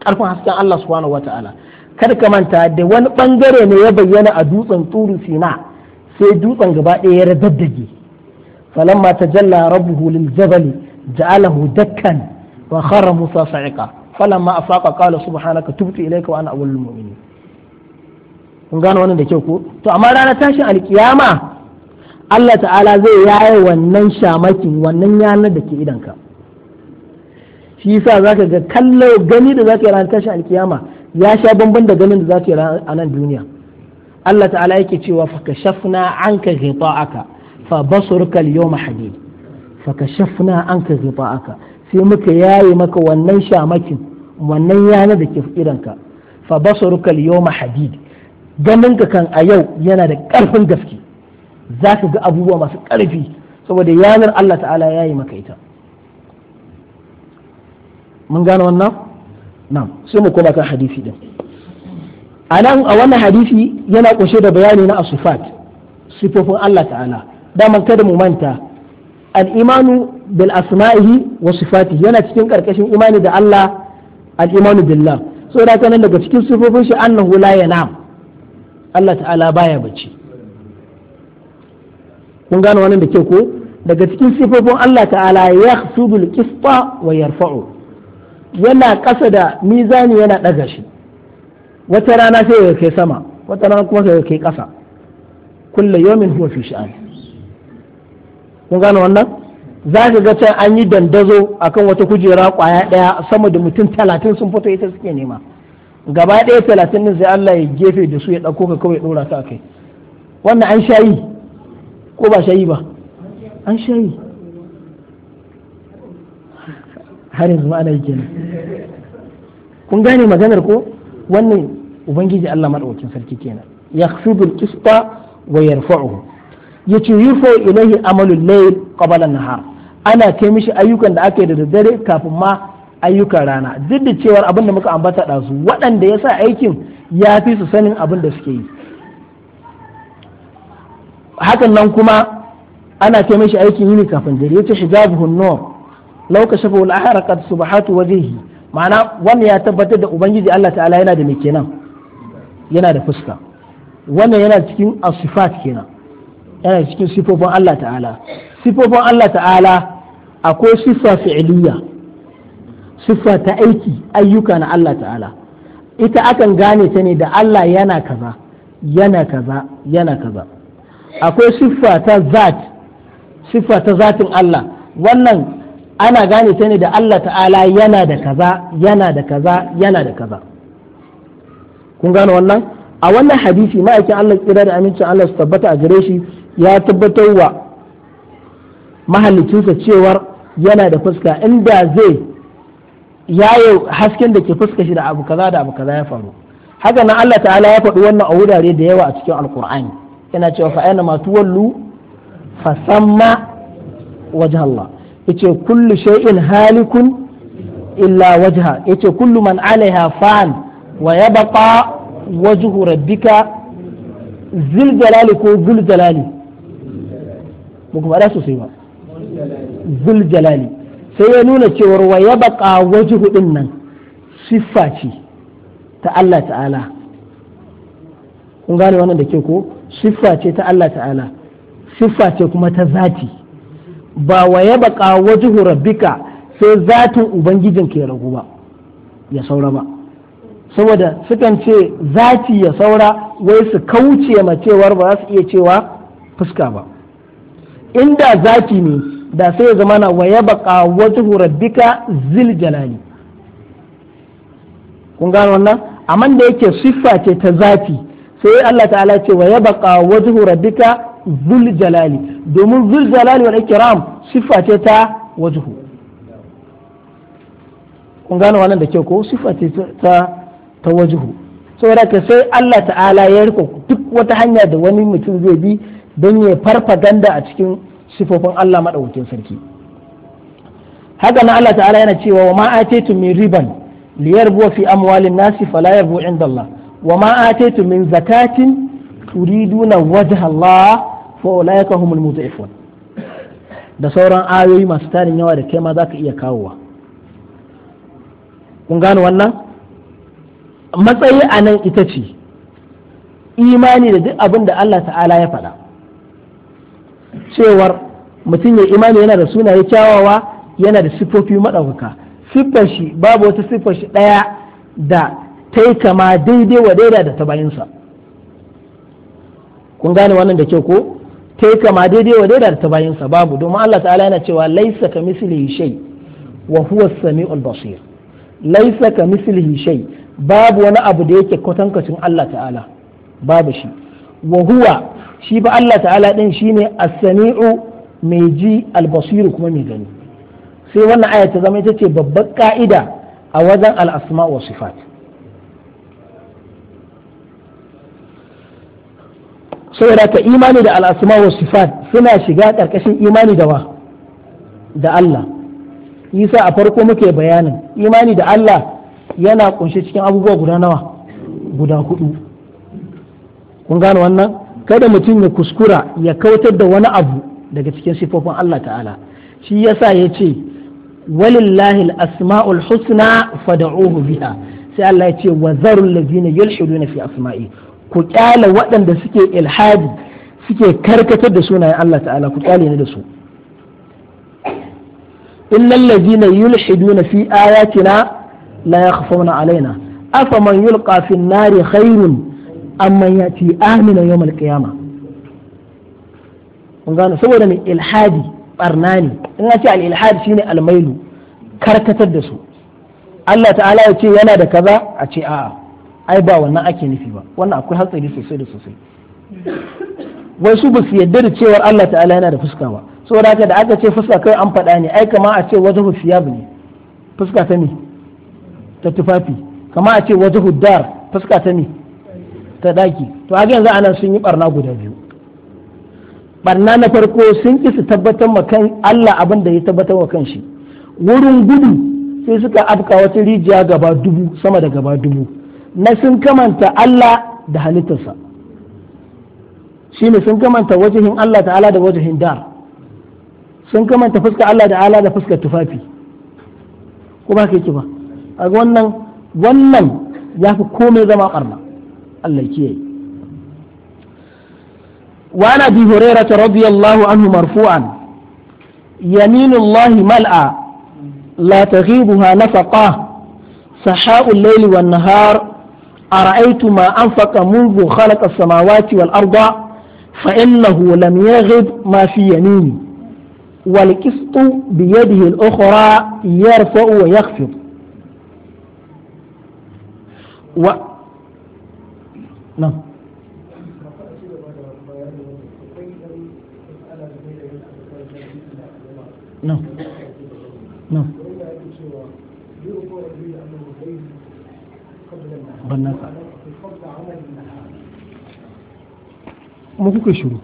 ƙarfin hasken Allah subhanahu wa ta'ala kar ka manta da wani bangare ne ya bayyana a dutsen turu sina sai dutsen gaba ɗaya ya daddage falamma tajalla rabbuhu lil jabali ja'alahu dakkan wa khara musa sa'iqa falamma afaqa qala subhanaka tubtu ilayka wa ana awwalul mu'minin kun gano wannan da kyau ko to amma ranar tashin alkiyama Allah ta'ala zai yaye wannan shamakin wannan yanar da ke idanka shi yasa zaka ga kallo gani da zaka yi ranar tashin alkiyama ya sha bamban da ganin da za ta yi a nan duniya Allah ta'ala yake cewa fa kashafna anka aka fa basaruka al faka shafna an ka anka aka sai muka yaye maka wannan shamakin wannan yana da ke ka fa basaruka al-yawma ganin ka kan a yau yana da ƙarfin gaske za ka ga abubuwa masu ƙarfi saboda yanar Allah ta'ala ya yi maka ita mun gane wannan sai mu koma kan hadisi din a nan a wannan hadisi yana kunshe da bayani na asufat sifofin Allah ta'ala daman kada mu manta al-imanu bil asma'ihi wa sifatihi yana cikin karkashin imani da Allah al-imanu billah saboda haka nan daga cikin sifofin shi annahu la yanam Allah ta'ala baya bacci kun gane wannan da ke ko daga cikin sifofin Allah ta'ala ya khsudul wa yarfa'u yana ƙasa da mizani yana ɗaga shi wata rana sai ya kai sama wata rana kuma sai ya kai ƙasa kulle yomin huwa fi sha'an kun gane wannan za ka ga can an yi dandazo akan wata kujera kwaya ɗaya sama da mutum talatin sun fito ita suke nema gaba ɗaya talatin ne sai Allah ya gefe da su ya ɗauko ka kawai ɗora a kai wannan an shayi ko ba shayi ba an shayi har yanzu ma ana yi kenan kun gane maganar ko wannan ubangiji Allah madaukakin sarki kenan yakhfidu al-qista wa yarfa'uhu yace yufa ilayhi amalul layl qabla an-nahar ana kai mishi ayyukan da yi da daddare kafin ma ayyukan rana duk da cewar abin da muka ambata da su waɗanda ya sa aikin ya fi su sanin abin da suke yi hakan nan kuma ana kai mishi aikin yini kafin dare yace buhun nur lokacin fa wal'ahara kad subhatu wajhihi ma'ana wannan ya tabbatar da ubangiji Allah ta'ala yana da me kenan yana da fuska wannan yana cikin asifat kenan yana cikin sifofin Allah ta'ala sifofin Allah ta'ala akwai siffa fi'iliya siffa ta aiki ayyuka na Allah ta'ala ita akan gane ta ne da Allah yana kaza yana kaza yana kaza akwai siffa ta zat siffa ta zatin Allah wannan ana gane ta ne da Allah ta'ala yana da kaza yana da kaza yana da kaza kun gane wannan a wannan hadisi ma'aikin Allah tsira da amincin Allah su tabbata a gare shi ya tabbatar wa mahalicinsa cewar yana da fuska inda zai yayo hasken da ke fuska shi da abu kaza da abu kaza ya faru haka nan Allah ta'ala ya faɗi wannan a wurare da yawa a cikin alkur'ani yana cewa fa ma tuwallu fa samma Allah yace kullu shay'in halikun illa wajha yace kullu man alaiha fan wa yabqa wajhu rabbika zil jalali ko zul jalali muku ba sosai ba zul jalali sai ya nuna cewar wa yabqa wajhu din nan siffa ce ta Allah ta'ala kun gane wannan da ke ko siffa ce ta Allah ta'ala siffa ce kuma ta zati ba wa ya baka waje rabbika sai zatin ubangijin ke ragu ba ya saura ba saboda sukan ce zati ya saura wai su kauce ma cewar ba za su iya cewa fuska ba inda zati ne da sai ya zama na wa ya baka waje rabbika zil jalali kun gano wannan amma da yake siffa ce ta zati sai Allah ta'ala ce wa ya baka waje rabbika zul jalali domin zul jalali wal ikram siffa ce ta wajhu kun gano wannan da kyau ko siffa ce ta ta wajhu saboda ka sai Allah ta'ala ya riko duk wata hanya da wani mutum zai bi don ya farfaganda a cikin sifofin Allah madaukakin sarki haka na Allah ta'ala yana cewa wa ma ataitu min riban liyarbu fi amwalin nasi fala yarbu inda Allah wa ma ataitu min zakatin turiduna wajha Allah fa ulaika humul mudhifun da sauran ayoyi masu tarin yawa da kai ma zaka iya kawowa kun gano wannan matsayi a nan ita ce imani da duk abin da Allah ta'ala ya faɗa cewar mutum ya imani yana da sunaye kyawawa yana da siffofi maɗaukaka siffar shi babu wata siffar shi ɗaya da ta yi kama daidai wa daida da ta bayinsa kun gane wannan da kyau ko ta kama daidai wa daidai da ta sa babu domin Allah ta'ala yana cewa laisa ka mislihi shay wa huwa samiul basir laisa ka mislihi shay babu wani abu da yake kwatankacin Allah ta'ala babu shi wa huwa shi ba Allah ta'ala din shine as-sami'u mai ji al-basir kuma mai gani sai wannan aya ta zama ita ce babbar ka'ida a wajen al-asma' wa sifat saboda ka imani da al'asuma wa sifat suna shiga ƙarƙashin imani da wa da Allah isa a farko muke bayanin imani da Allah yana kunshe cikin abubuwa guda nawa guda hudu kun gano wannan kada mutum ya kuskura ya kautar da wani abu daga cikin sifofin Allah ta'ala shi yasa ya ce walillahi al-asma'ul husna fad'uhu biha sai Allah ya ce wa zarul ladina yulhiduna fi asma'i ku kyale waɗanda suke ilhadi suke karkatar da sunayen Allah ta'ala ku kyale ni da su illal ladina yulhiduna fi ayatina la yakhfawna alaina afaman yulqa fi nari khairun amman yati amina yawm al kun gano saboda mai ilhadi barna ne in ce al-ilhadi shine al-mailu karkatar da su Allah ta'ala ya ce yana da kaza a ce a'a ai ba wannan ake nufi ba wannan akwai hatsari sosai da sosai wai su ba su yarda da cewar Allah ta'ala yana da fuska ba saboda haka da aka ce fuska kai an faɗa ne ai kama a ce wajahu siyab ne fuska ta ne ta tufafi kama a ce wajahu dar fuska ta ne ta daki to haka yanzu anan sun yi barna guda biyu barna na farko sun ki su tabbatar ma kan Allah abin da ya tabbatar wa kanshi wurin gudu sai suka afka wata rijiya gaba dubu sama da gaba dubu na sun kamanta Allah da halittarsa shine sun kamanta wajihin Allah ta'ala da wajihin dar sun kamanta fuska Allah da ala da fuskar tufafi ko ba ka yake ba a wannan wannan ya fi komai zama ƙarna Allah kiyaye وعن ابي هريره رضي الله عنه مرفوعا يمين الله ملأى لا تغيبها نفقه سحاء الليل nahar. أرأيت ما أنفق منذ خلق السماوات والأرض فإنه لم يغب ما في يميني والقسط بيده الأخرى يرفع ويخفض و نعم نعم نعم بالنفع ما فوق الشروط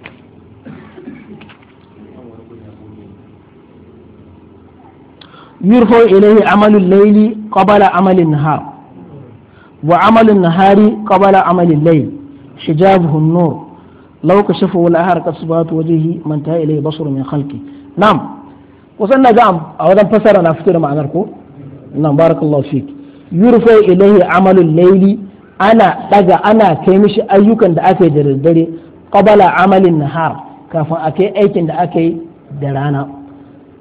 يرفع إليه عمل الليل قبل عمل النهار وعمل النهار قبل عمل الليل حجابه النور لو كشفه لا حركة صبات وجهه من تهى إليه بصر من خلقه نعم وصلنا جام أولا فسرنا فتر مع نركو نعم بارك الله فيك yurfa ilaihi amalul laili ana daga ana kai mishi ayyukan da aka yi da daddare qabala amalin nahar kafin a kai aikin da aka yi da rana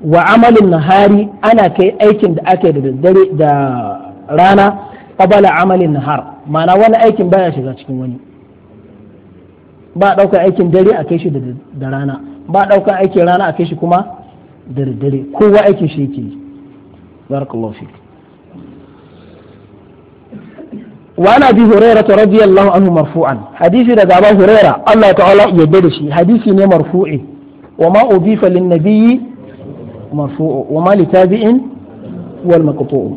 wa amalin nahari ana kai aikin da aka yi da daddare da rana qabala amalin nahar ma'ana wani aikin baya shiga cikin wani ba ɗaukar aikin dare a kai shi da rana ba ɗaukar aikin rana a kai shi kuma da daddare kowa aikin shi yake barakallahu fiki وعن ابي هريره رضي الله عنه مرفوعا حديث رضا ابو هريره الله تعالى يدرشي حديث ني مرفوعي وما اضيف للنبي مرفوع وما لتابع والمقطوع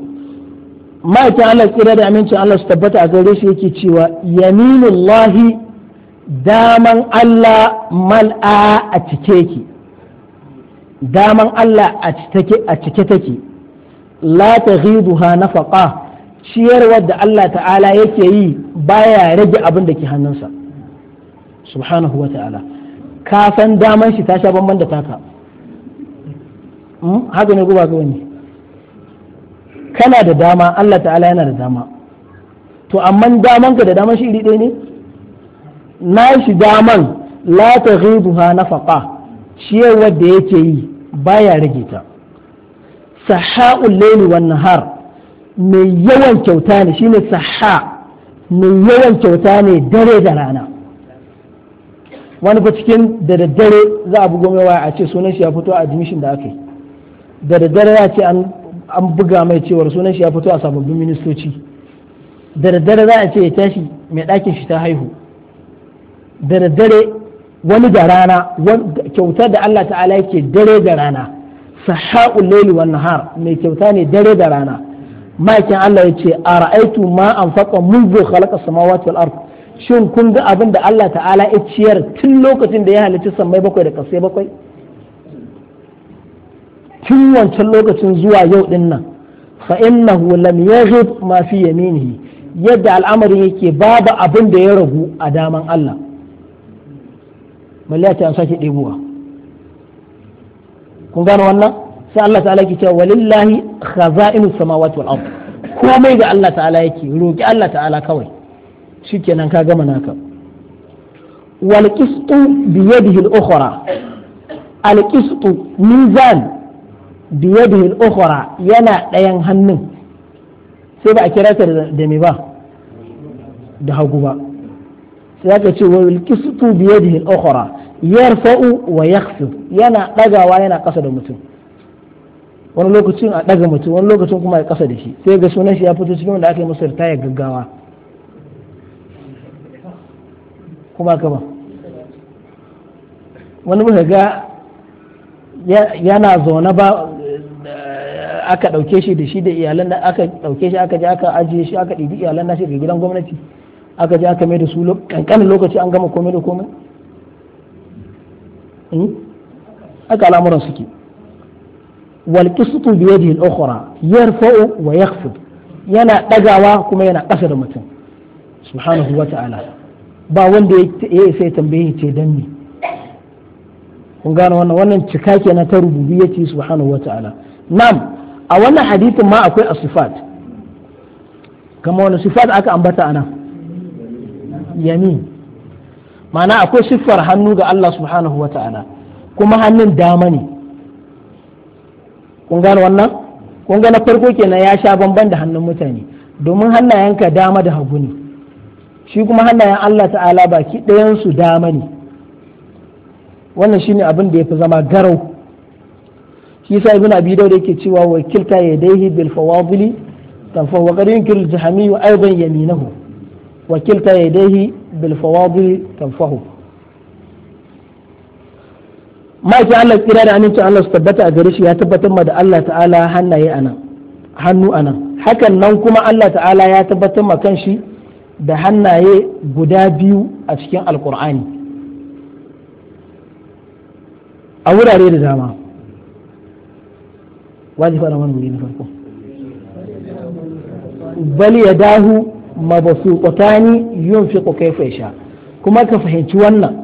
ما تعالى tsira da amincin Allah su tabbata a gare shi yake cewa yaminullahi daman Allah mal'a a cike daman Allah a cike take la taghiduha nafaqa ciyarwar da Allah ta'ala yake yi baya rage abin da ke hannunsa subhanahu wa ta'ala ka san daman shi ta sha bamban da taka hmm? haka ne guba ga wani kana da dama Allah ta'ala yana da dama to amma daman ka da daman shi iri ɗaya ne na shi daman la ta nafaqa ciyarwar da yake yi baya rage ta saha'ul laili wan nahar mai yawan kyauta ne shine saha mai yawan kyauta ne dare da rana wani ba cikin da daddare za a bugo mai waya a ce sunan shi ya fito a admission da aka yi da daddare ya ce an buga mai cewar sunan shi ya fito a sababbin ministoci da daddare za a ce ya tashi mai ɗakin shi ta haihu da daddare wani da rana kyauta da Allah ta'ala yake dare da rana saha'ul layli wan nahar mai kyauta ne dare da rana ma'aikin Allah ya ce a ra'aitu ma an faƙa munzu halaka samawati wal ard shin kun ga abin da Allah ta'ala ya ciyar tun lokacin da ya halicci sammai bakwai da kasai bakwai tun wancan lokacin zuwa yau din nan fa innahu lam yaghib ma fi yaminihi yadda al'amarin yake babu abin da ya ragu a daman Allah mallaka an sake ɗebowa kun gane wannan sai Allah ta'ala ke cewa walillahi khaza'imus samawati wal ard komai ga Allah ta'ala yake roki Allah ta'ala kawai shikenan ka gama naka wal qistu bi yadihi al ukhra al qistu mizan bi yadihi al ukhra yana ɗayan hannun sai ba a kira ta da me ba da hagu ba sai aka ce wal qistu bi yadihi al ukhra yarfa'u wa yakhfid yana dagawa yana kasa da mutum wani lokacin a ɗaga mutum wani lokacin kuma a ƙasa da shi sai ga sunan shi ya fito cikin wanda aka yi masa ritaya gaggawa kuma kama wani muka ga yana zaune ba eh, aka ɗauke shi da shi da iyalan da aka ɗauke shi aka je aka ajiye shi aka ɗibi iyalan nashi daga gidan gwamnati aka je aka mai da su ƙanƙanin lokaci an gama komai da komai hmm? aka al'amuran suke والقسط بيده الأخرى يرفع ويخفض ينا دقاوا كما ينا قصر متن سبحانه وتعالى ba wanda ya sai tambaye ce dan ni kun gano wannan wannan cika kenan ta rububiyyati subhanahu wataala nam a wannan hadithin ma akwai asifat kama wani sifat aka ambata ana yamin ma'ana akwai siffar hannu ga Allah subhanahu ta'ala kuma hannun dama ne kun gane wannan kun gane farko kenan ya sha bamban da hannun mutane domin hannayenka dama da hagu ne shi kuma hannayen Allah ta'ala baki ɗayansu dama ne wannan shine abin da ya fi zama garau shi sa ibn abi dawud yake cewa wa kilta yadayhi bil fawadili tanfa wa qad yunkiru jahmi wa aidan yaminahu wa kilta yadayhi bil fawadili tanfahu ma ji Allah tsira da amincin Allah su tabbata a gare shi ya tabbatar ma da Allah ta'ala hannaye a nan hannu a nan hakan nan kuma Allah ta'ala ya tabbatar ma kanshi da hannaye guda biyu a cikin alkur'ani a wurare da dama wajibi fara wani wuri na farko bali ya dahu mabasutani yunfiqu kayfa yasha kuma ka fahimci wannan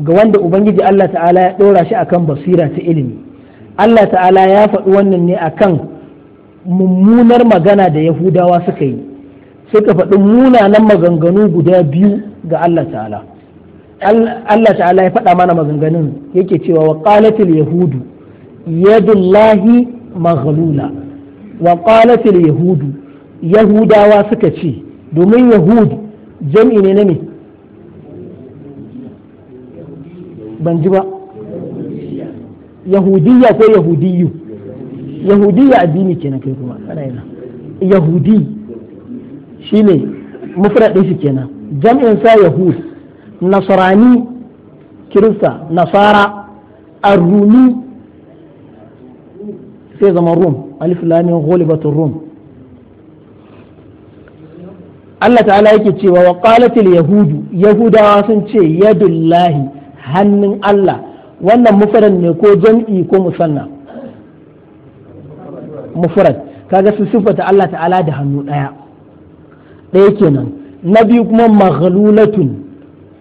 ga wanda ubangiji Allah ta'ala ya ɗora shi akan basira ta ilimi Allah ta'ala ya faɗi wannan ne akan mummunar magana da yahudawa suka yi suka faɗi munanan maganganu guda biyu ga Allah ta'ala Allah ta'ala ya faɗa mana maganganun yake cewa wa qalatil yahudu yadullahi maghlula wa qalatil yahudu yahudawa suka ce domin yahud jam'i ne na ban ji ba yahudiyya ko yahudiyu yahudiyya addini kenan kai kuma kana yana yahudi shine mufradin shi kenan jam'in sa yahud nasrani kirista nasara arrumi sai zama rum alif lam mim ghulibatur rum Allah ta'ala yake cewa wa qalatil yahudu yahudawa sun ce yadullahi hannun Allah wannan mufrad ne ko jam'i ko musanna mufrad kaga su sifata Allah ta'ala da hannu ɗaya ɗaya kenan na biyu kuma maghlulatun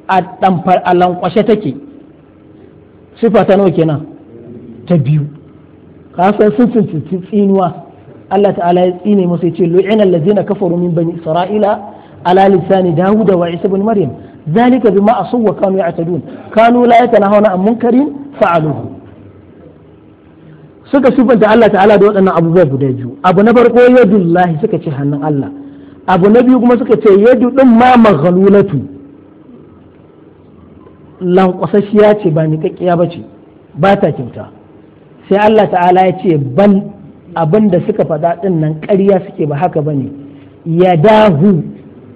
a ɗanfar a lankwashe take sifata nawa kenan ta biyu ka san sun tsinuwa Allah ta'ala ya tsine musu ya ce lu'ina allazina kafaru min bani isra'ila ala lisani dawuda wa isa ibn maryam Zani zalika bima asaw wa kanu ya'tadun kanu la yatanahuna an munkarin fa'aluhu suka sifanta Allah ta'ala da waɗannan abubuwa guda biyu abu na farko yadullahi suka ce hannun Allah abu na biyu kuma suka ce yadu din ma maghlulatu lankwasashiya ce ba niƙaƙƙiya ba ce ba ta kyauta sai Allah ta'ala ya ce bal da suka faɗa ɗin nan ƙarya suke ba haka ba ne ya dahu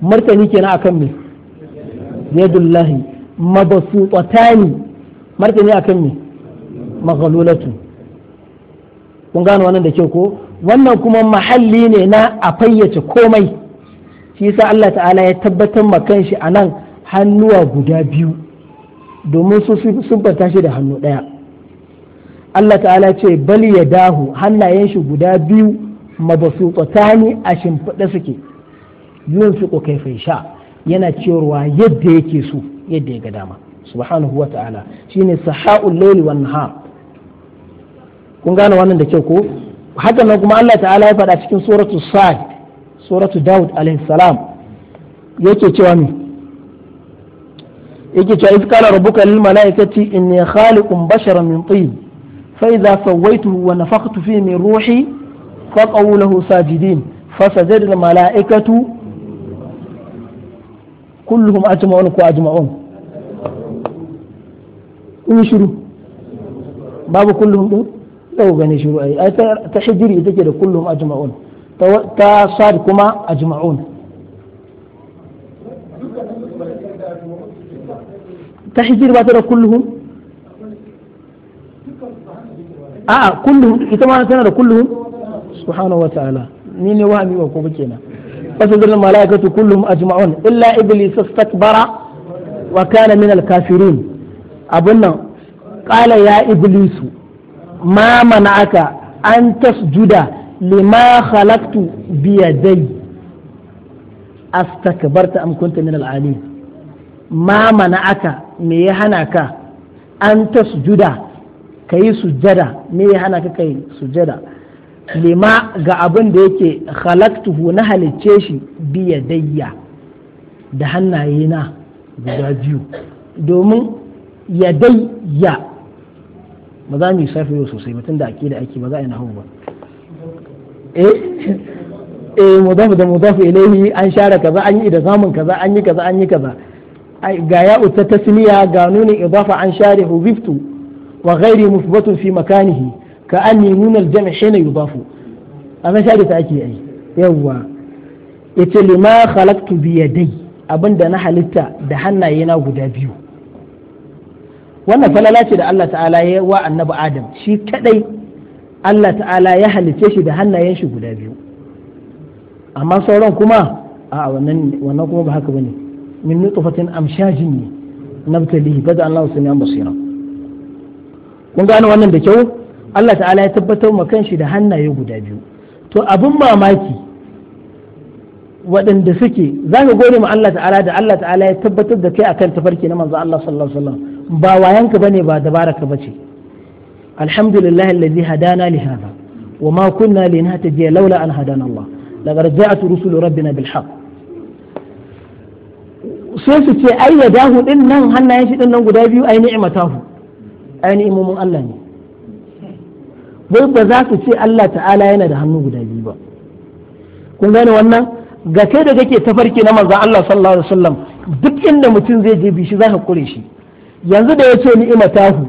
martani kenan akan me yadullahi mabsutatani ne akan me maghlulatu kun gano wannan da ke ko wannan kuma mahalli ne na a fayyace komai shi yasa Allah ta'ala ya tabbatar ma kanshi a nan hannuwa guda biyu domin su siffanta shi da hannu ɗaya Allah ta'ala ce bal ya dahu hannayen shi guda biyu mabasutsatani a shimfiɗe suke yunfiqu kayfa sha yana ciyarwa yadda yake so yadda ya ga dama subhanahu wa ta'ala shine saha'ul layli wan ha kun gane wannan da kyau ko haka nan kuma Allah ta'ala ya faɗa cikin suratu sad suratu daud alaihi salam yake cewa me yake cewa iz qala rabbuka lil malaikati inni khaliqun basharan min tin fa idza sawaituhu wa nafakhtu fihi min ruhi faqaw lahu sajidin فسجد mala'ikatu. kulluhum ajma'un ko ajma'un kun shiru babu kulluhum din yau gane shiru ai ai ta hijiri ita ke da kulluhum ajma'un ta sad kuma ajma'un ta hijiri ba ta da kulluhum a'a ita ma tana da kulluhum wa ni ne wahami wa ko kenan fasadul malaikatu kullum a ajma'un illa iblis istakbara wa kana min al-kafirin abun nan qala ya iblisu mamana mana'aka an tasjuda lima khalaqtu bi yadayya astakbarta am kunta min mamana aka ma mana'aka me ya hana ka an tasjuda kai sujada me ya hana ka kai sujada lima ga abin da yake khalaqtuhu na halicce shi biyadayya da hannaye na guda biyu domin yadayya ba za mu yi yau sosai mutum da ake da ake ba za a yi nahu ba eh eh mudafu da mudafu ilaihi an share kaza an yi da zamun kaza an yi kaza an yi kaza ga ya utta tasniya ga nunin idafa an share hubiftu wa ghairi mufbatun fi makanihi ka anni nunal jami' shayna yudafu amma shari ta ake yi yawwa yace lima khalaqtu bi yadai abinda na halitta da hannayena na guda biyu wannan falala ce da Allah ta'ala ya wa annabi Adam shi kaɗai Allah ta'ala ya halice shi da hannayen shi guda biyu amma sauran kuma a wannan kuma ba haka bane min nutfatin amshajin ne nabtalihi bada Allah sami'an basira kun gane wannan da kyau Allah ta'ala ya tabbatar ma kanshi da hannaye guda biyu to abin mamaki waɗanda suke za ka gode ma Allah ta'ala da Allah ta'ala ya tabbatar da kai akan tafarki na manzo Allah sallallahu alaihi wasallam ba wayanka bane ba dabaraka bace alhamdulillah alladhi hadana li hadha wa ma kunna linahtadiya laula an hadana Allah laqad ja'at rusulu rabbina bil haqq sai su ce ai yadahu din nan hannayen shi din nan guda biyu ai ni'imatahu ai ni'imomin Allah ne wai ba za su ce Allah ta'ala yana da hannu guda biyu ba kun gane wannan ga kai da kake tafarki na manzo Allah sallallahu alaihi wasallam duk inda mutum zai je bishi za ka kure shi yanzu da ya ce ni'ima tahu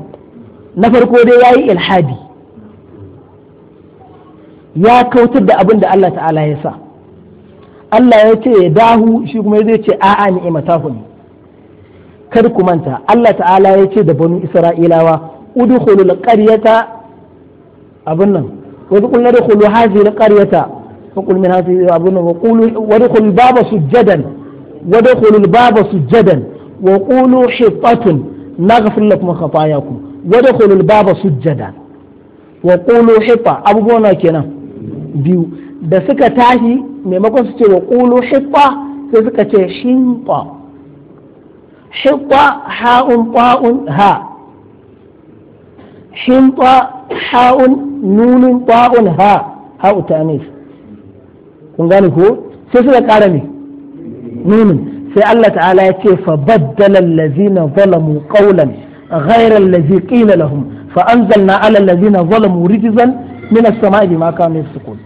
na farko dai yayi ilhadi ya kautar da abin da Allah ta'ala ya sa Allah ya ce ya dahu shi kuma zai ce a'a ni'ima tahu ne kar ku manta Allah ta'ala ya ce da banu Isra'ilawa udkhulul qaryata abin nan wasu kullu da kullu hazi na ƙaryata fa kul min hazi abin nan wa kullu wa dukhul baba jadan wa dukhul baba sujjadan wa qulu hitatun naghfir ku khatayakum wa dukhul baba sujjadan wa qulu hita abubuwa kenan biyu da suka tashi maimakon su ce wa qulu hita sai suka ce shimpa hita ha'un ta'un ha shimta ha'un nunun ta'un ha ha'u tanis kun gane ko sai suka ƙara ne nunun sai Allah ta'ala ya ce fa baddala allazina zalamu qawlan ghayra allazi qila lahum fa anzalna ala allazina zalamu rijzan min as-sama'i bima kanu yafsukun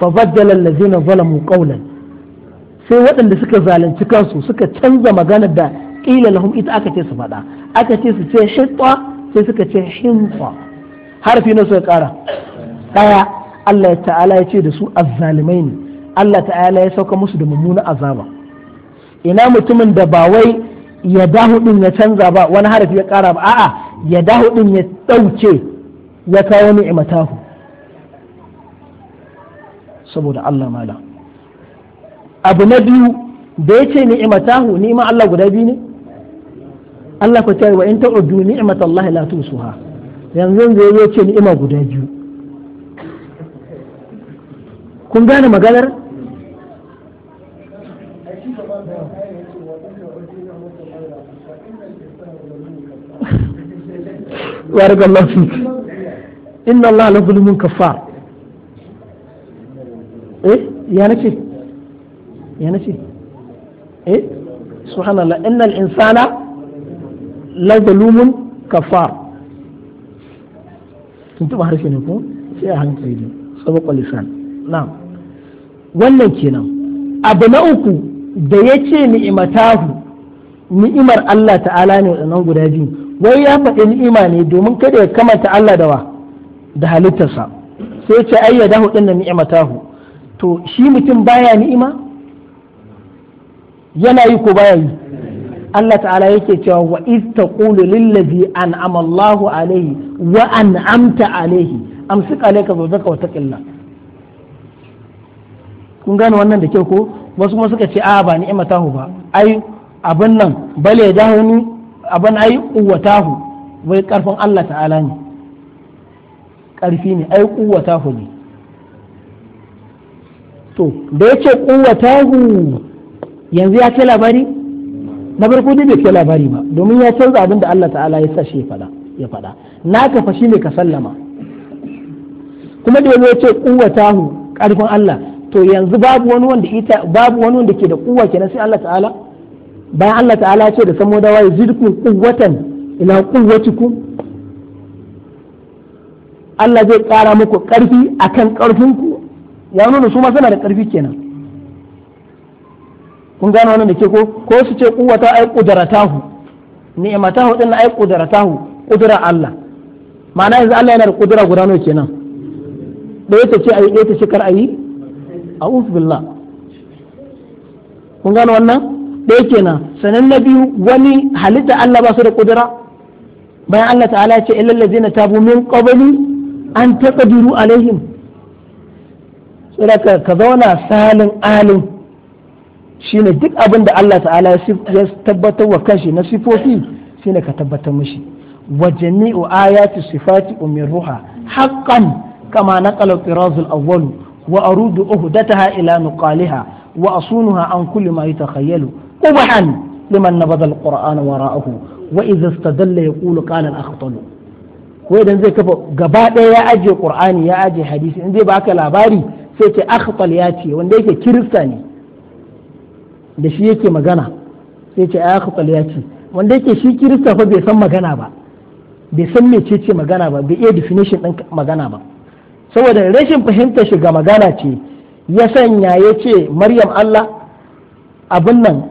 fa baddala allazina zalamu qawlan sai waɗanda suka zalunci kansu suka canza magana da qila lahum ita aka ce su faɗa aka ce su ce shitta sai suka ce himfa harfi na suka kara daya Allah ta'ala ya ce da su azzalimai ne Allah ta'ala ya sauka musu da mummuna azaba ina mutumin da ba wai ya dahu din ya canza ba wani harfi ya kara ba a'a ya dahu din ya dauke ya kawo ni'imatahu saboda Allah mala abu na biyu da ya ce ni ma Allah guda biyu ne Allah ku ta wa in ta'uddu ni'matallahi la tusuha yanzu zai yi ce ni'ima guda biyu kun gane maganar barakallahu fik inna Allah la zulmun kaffar eh ya nace ya nace eh subhanallah innal insana lazalumun kafar tun taɓa harshe ne ko sai a hankali ne sabakwa kwalisan na wannan kenan abu na uku da ya ce ni'imatahu ni'imar Allah ta'ala ne waɗannan guda biyu wai ya faɗi ni'ima ne domin kada ya kamata Allah da wa da halittarsa sai ce ayyada hudun nan ni'imatahu to shi mutum baya ni'ima yana yi ko baya yi Allah ta'ala yake cewa wa istaqulu lillazi an'ama Allah alayhi wa an'amta alayhi amsik alayka zawjaka wa taqilla kun gane wannan da kyau ko wasu kuma suka ce a ba ni'ima tahu ba ai abin nan bale dahu ni abin ai quwwatahu wai karfin Allah ta'ala ne karfi ne ai quwwatahu ne to da yake quwwatahu yanzu ya ce labari na farko dai bai kai labari ba domin ya canza abin da Allah ta'ala ya sashe fada ya fada ka fa shine ka sallama kuma da yace ce hu karfin Allah to yanzu babu wani wanda ita babu wani wanda ke da kuwa kenan sai Allah ta'ala bayan Allah ta'ala ce da samo dawa zidku kuwatan ila quwwatikum Allah zai kara muku karfi akan karfinku ya nuna su ma suna da karfi kenan kun gano wannan da ke ko ko su ce kuwata ai qudratahu ni'matahu din ai qudratahu kudura Allah ma'ana yanzu Allah yana da kudura guda kenan da yake ce ayi yake ta ce kar ayi a'udhu billah kun gano wannan yake na sanan na biyu wani halitta Allah ba su da kudura bayan Allah ta'ala ya ce illal ladina tabu min qabli an taqdiru alaihim sai ka zauna salin alim shine duk abin da Allah ta'ala ya tabbatar wa kashi na sifofi shine ka tabbatar mishi wa jami'u ayati sifati ruha haqqan kama naqala tiraz al-awwal wa arudu uhdataha ila nuqaliha wa asunuha an kulli ma yatakhayyalu ubahan liman nabada al-qur'ana wara'ahu wa idha istadalla yaqulu qala al-akhtalu ko idan zai kafa gaba ɗaya ya ajiye qur'ani ya ajiye hadisi in zai baka labari sai ce akhtal ya ce wanda yake kirista ne da shi yake magana sai ce ya kwakwal ya ce wanda yake shi kirista fa bai san magana ba bai san mecece magana ba bai iya definition ɗin magana ba saboda rashin fahimtar shi ga magana ce ya sanya ya ce maryam allah abin nan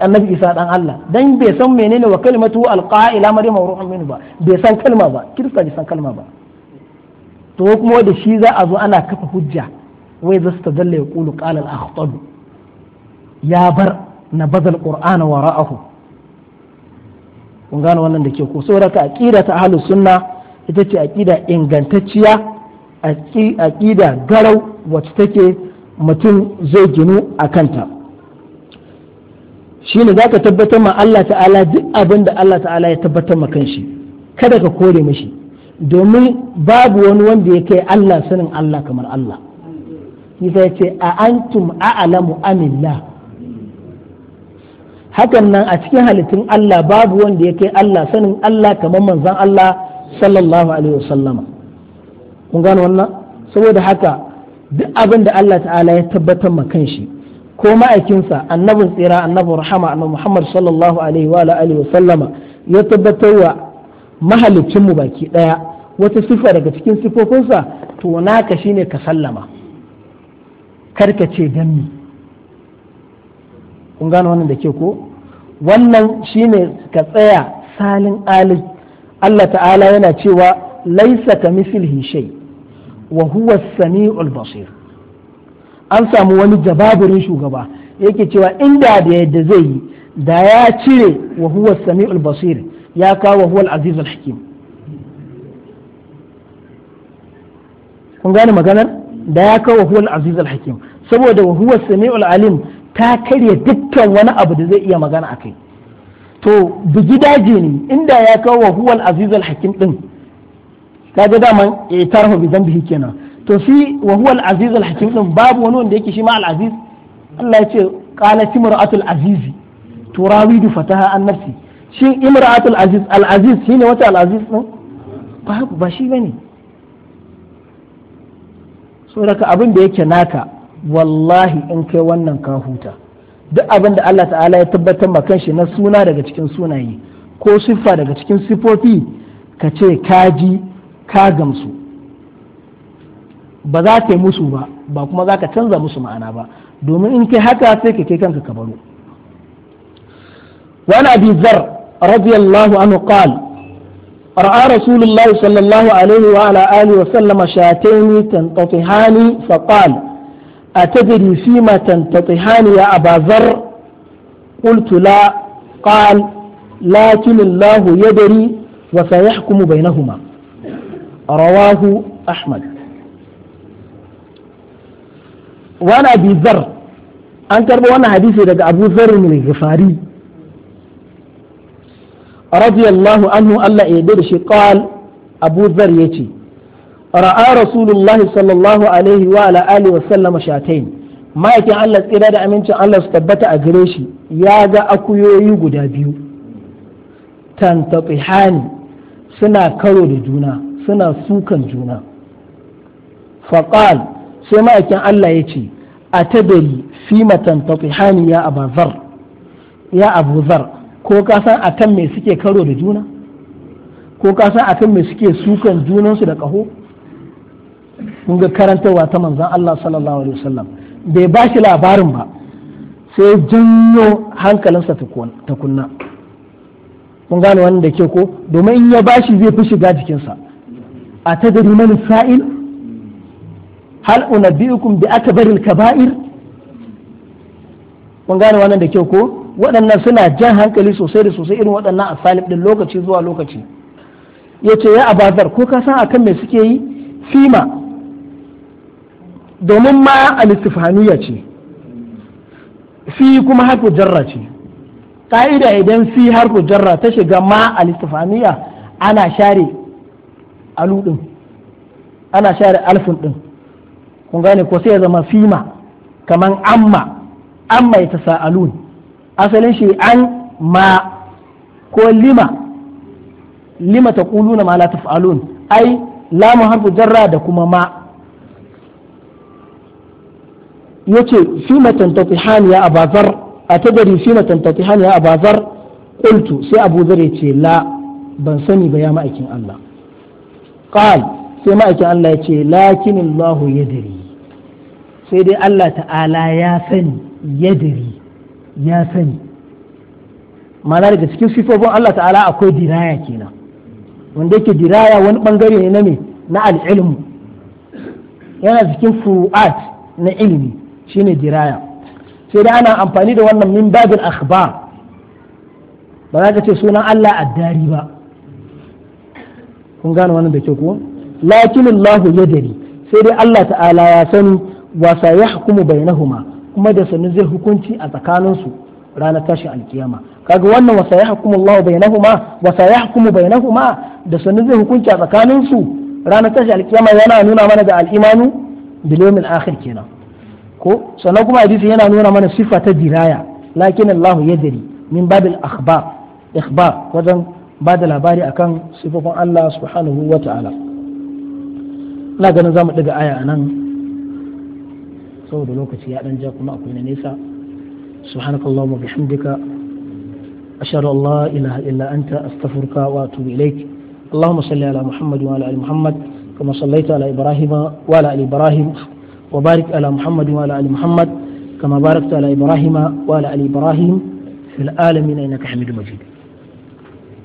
annabi isa dan allah dan bai san menene wa kalimatu alqa'ila maryam wa ruhun minhu ba bai san kalma ba kirista bai san kalma ba to kuma da shi za a zo ana kafa hujja wai zasu ya ya qala al-akhtab ya bar na bazal qur'ana ra'ahu. kun gano wannan da ke ko saboda ka aqida ta ahlus sunna ita ce aqida ingantacciya aƙida garau wacce take mutum zai ginu a kanta shi ne za ka tabbatar ma Allah ta'ala duk abin da Allah ta'ala ya tabbatar ma kanshi kada ka kore mashi domin babu wani wanda ya kai Allah sanin Allah kamar Allah. Isa ya ce a antum a'lamu amillah hakan nan a cikin halittun Allah babu wanda ya kai Allah sanin Allah kamar manzon Allah sallallahu alaihi wasallama kun gano wannan saboda haka duk abin da Allah ta'ala ya tabbatar ma kan shi ko ma'aikinsa annabin tsira annabin rahama annabi Muhammad sallallahu alaihi wa alihi wasallama ya tabbatar wa mahalicinmu baki daya wata sifa daga cikin sifofinsa to naka shine ka sallama karka ce dan kun gane wannan da ke ko wannan shine ka tsaya salin alin Allah ta'ala yana cewa laisa ka mislihi shay wa huwa samiul basir an samu wani jababirin shugaba yake cewa inda da yadda zai yi da ya cire wa huwa samiul basir ya kawo wa huwa aziz hakim kun gane maganar da ya kawo wa huwa aziz hakim saboda wa huwa samiul alim ta karya dukkan wani abu da zai iya magana a kai to bugi daji ne inda ya kawo wa huwal azizul hakim din kaga daman itarhu eh, bi zambihi kenan to fi wa huwal azizul hakim din babu wani wanda yake shi ma al aziz Allah ya ce qalat imra'atul azizi turawidu fataha an nafsi shi imra'atul aziz al aziz shine wata al aziz din babu ba shi bane so daga abin da yake naka wallahi in kai wannan ka huta duk abin da Allah ta'ala ya tabbatar ma kanshi na suna daga cikin sunaye ko siffa daga cikin sifofi ka ce ka ji ka gamsu ba za ka yi musu ba ba kuma za ka canza musu ma'ana ba domin in kai haka sai ka kai kanka ka baro wani abi zar radiyallahu anhu qal ra'a rasulullahi sallallahu alaihi wa ala alihi wa sallama tantatihani fa qala أتدري فيما تنتطحان يا أبا ذر قلت لا قال لكن الله يدري وسيحكم بينهما رواه أحمد وأنا أبي ذر an karɓo wannan hadisi daga abu zarri mai gifari radiyallahu anhu Allah ya da shi qal abu ya ce ra'a rasulullah sallallahu alaihi wa ala alihi wa sallama shatain ma'aikin Allah tsira da amincin Allah su tabbata a gare shi ya ga akuyoyi guda biyu tantabihani suna karo da juna suna sukan juna faqal sai ma'aikin Allah ya ce a tadari fi matantabihani ya abazar ya abuzar ko ka san akan me suke karo da juna ko ka san akan me suke sukan junansu da ƙaho kun ga karantarwa ta manzan Allah sallallahu alaihi wasallam bai ba shi labarin ba sai janyo hankalinsa ta kunna kun gane wannan da ke ko domin in ya bashi zai fi shiga jikinsa a ta gari mani sa'il hal unabbi'ukum bi akbaril kaba'ir kun gane wannan da ke ko waɗannan suna jan hankali sosai da sosai irin waɗannan salib ɗin lokaci zuwa lokaci yace ya abazar ko ka san akan me suke yi fima domin ma alistifaniya ce fi kuma harfu jarra ce ka'ida idan fi harfu jarra ta shiga ma alistifaniya ana share aludin ana share alfin din kun gane ko sai ya zama fima kaman amma amma ya tasa'alun asalin shi an ma ko lima lima na ma la taf'alun ai lamu harfu jarra da kuma ma yace fi haniya a bazar a tadari fi haniya a abazar kultu sai abu zar ce la ban sani ba ya ma'aikin Allah qal sai ma'aikin Allah ya ce lakin Allah yadri sai dai Allah ta'ala ya sani yadri ya sani ma'ana daga cikin sifofin Allah ta'ala akwai diraya kenan wanda yake diraya wani bangare ne na me na al'ilmu yana cikin fu'at na ilimi shine diraya sai dai ana amfani da wannan min babin akhbar ba za ka ce sunan Allah addari ba kun gane wannan da ke ko lakin Allah ya dari sai dai Allah ta'ala ya sani wa sa yahkumu bainahuma kuma da sanin zai hukunci a tsakaninsu ranar tashin alkiyama kaga wannan wasa ya hukumu Allah bainahuma wasa ya hukumu bainahuma da sanin zai hukunci a tsakaninsu ranar tashin alkiyama yana nuna mana da al'imanu bilomin akhir kenan ko sannan kuma hadisi yana nuna mana sifa ta diraya lakin Allah ya dari min babil akhbar ikhbar wajen ba da labari akan sifofin Allah subhanahu wa ta'ala ina ganin zamu daga aya anan saboda lokaci ya dan ja kuma akwai na nesa subhanakallahumma bihamdika ashhadu allah la ilaha illa anta astafurka wa atubu ilaik اللهم صل على محمد wa ال muhammad كما صليت ala ابراهيم وعلى ال ابراهيم وبارك على محمد وعلى آل محمد كما باركت على إبراهيم وعلى آل إبراهيم في العالمين إنك حميد مجيد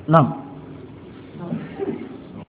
نعم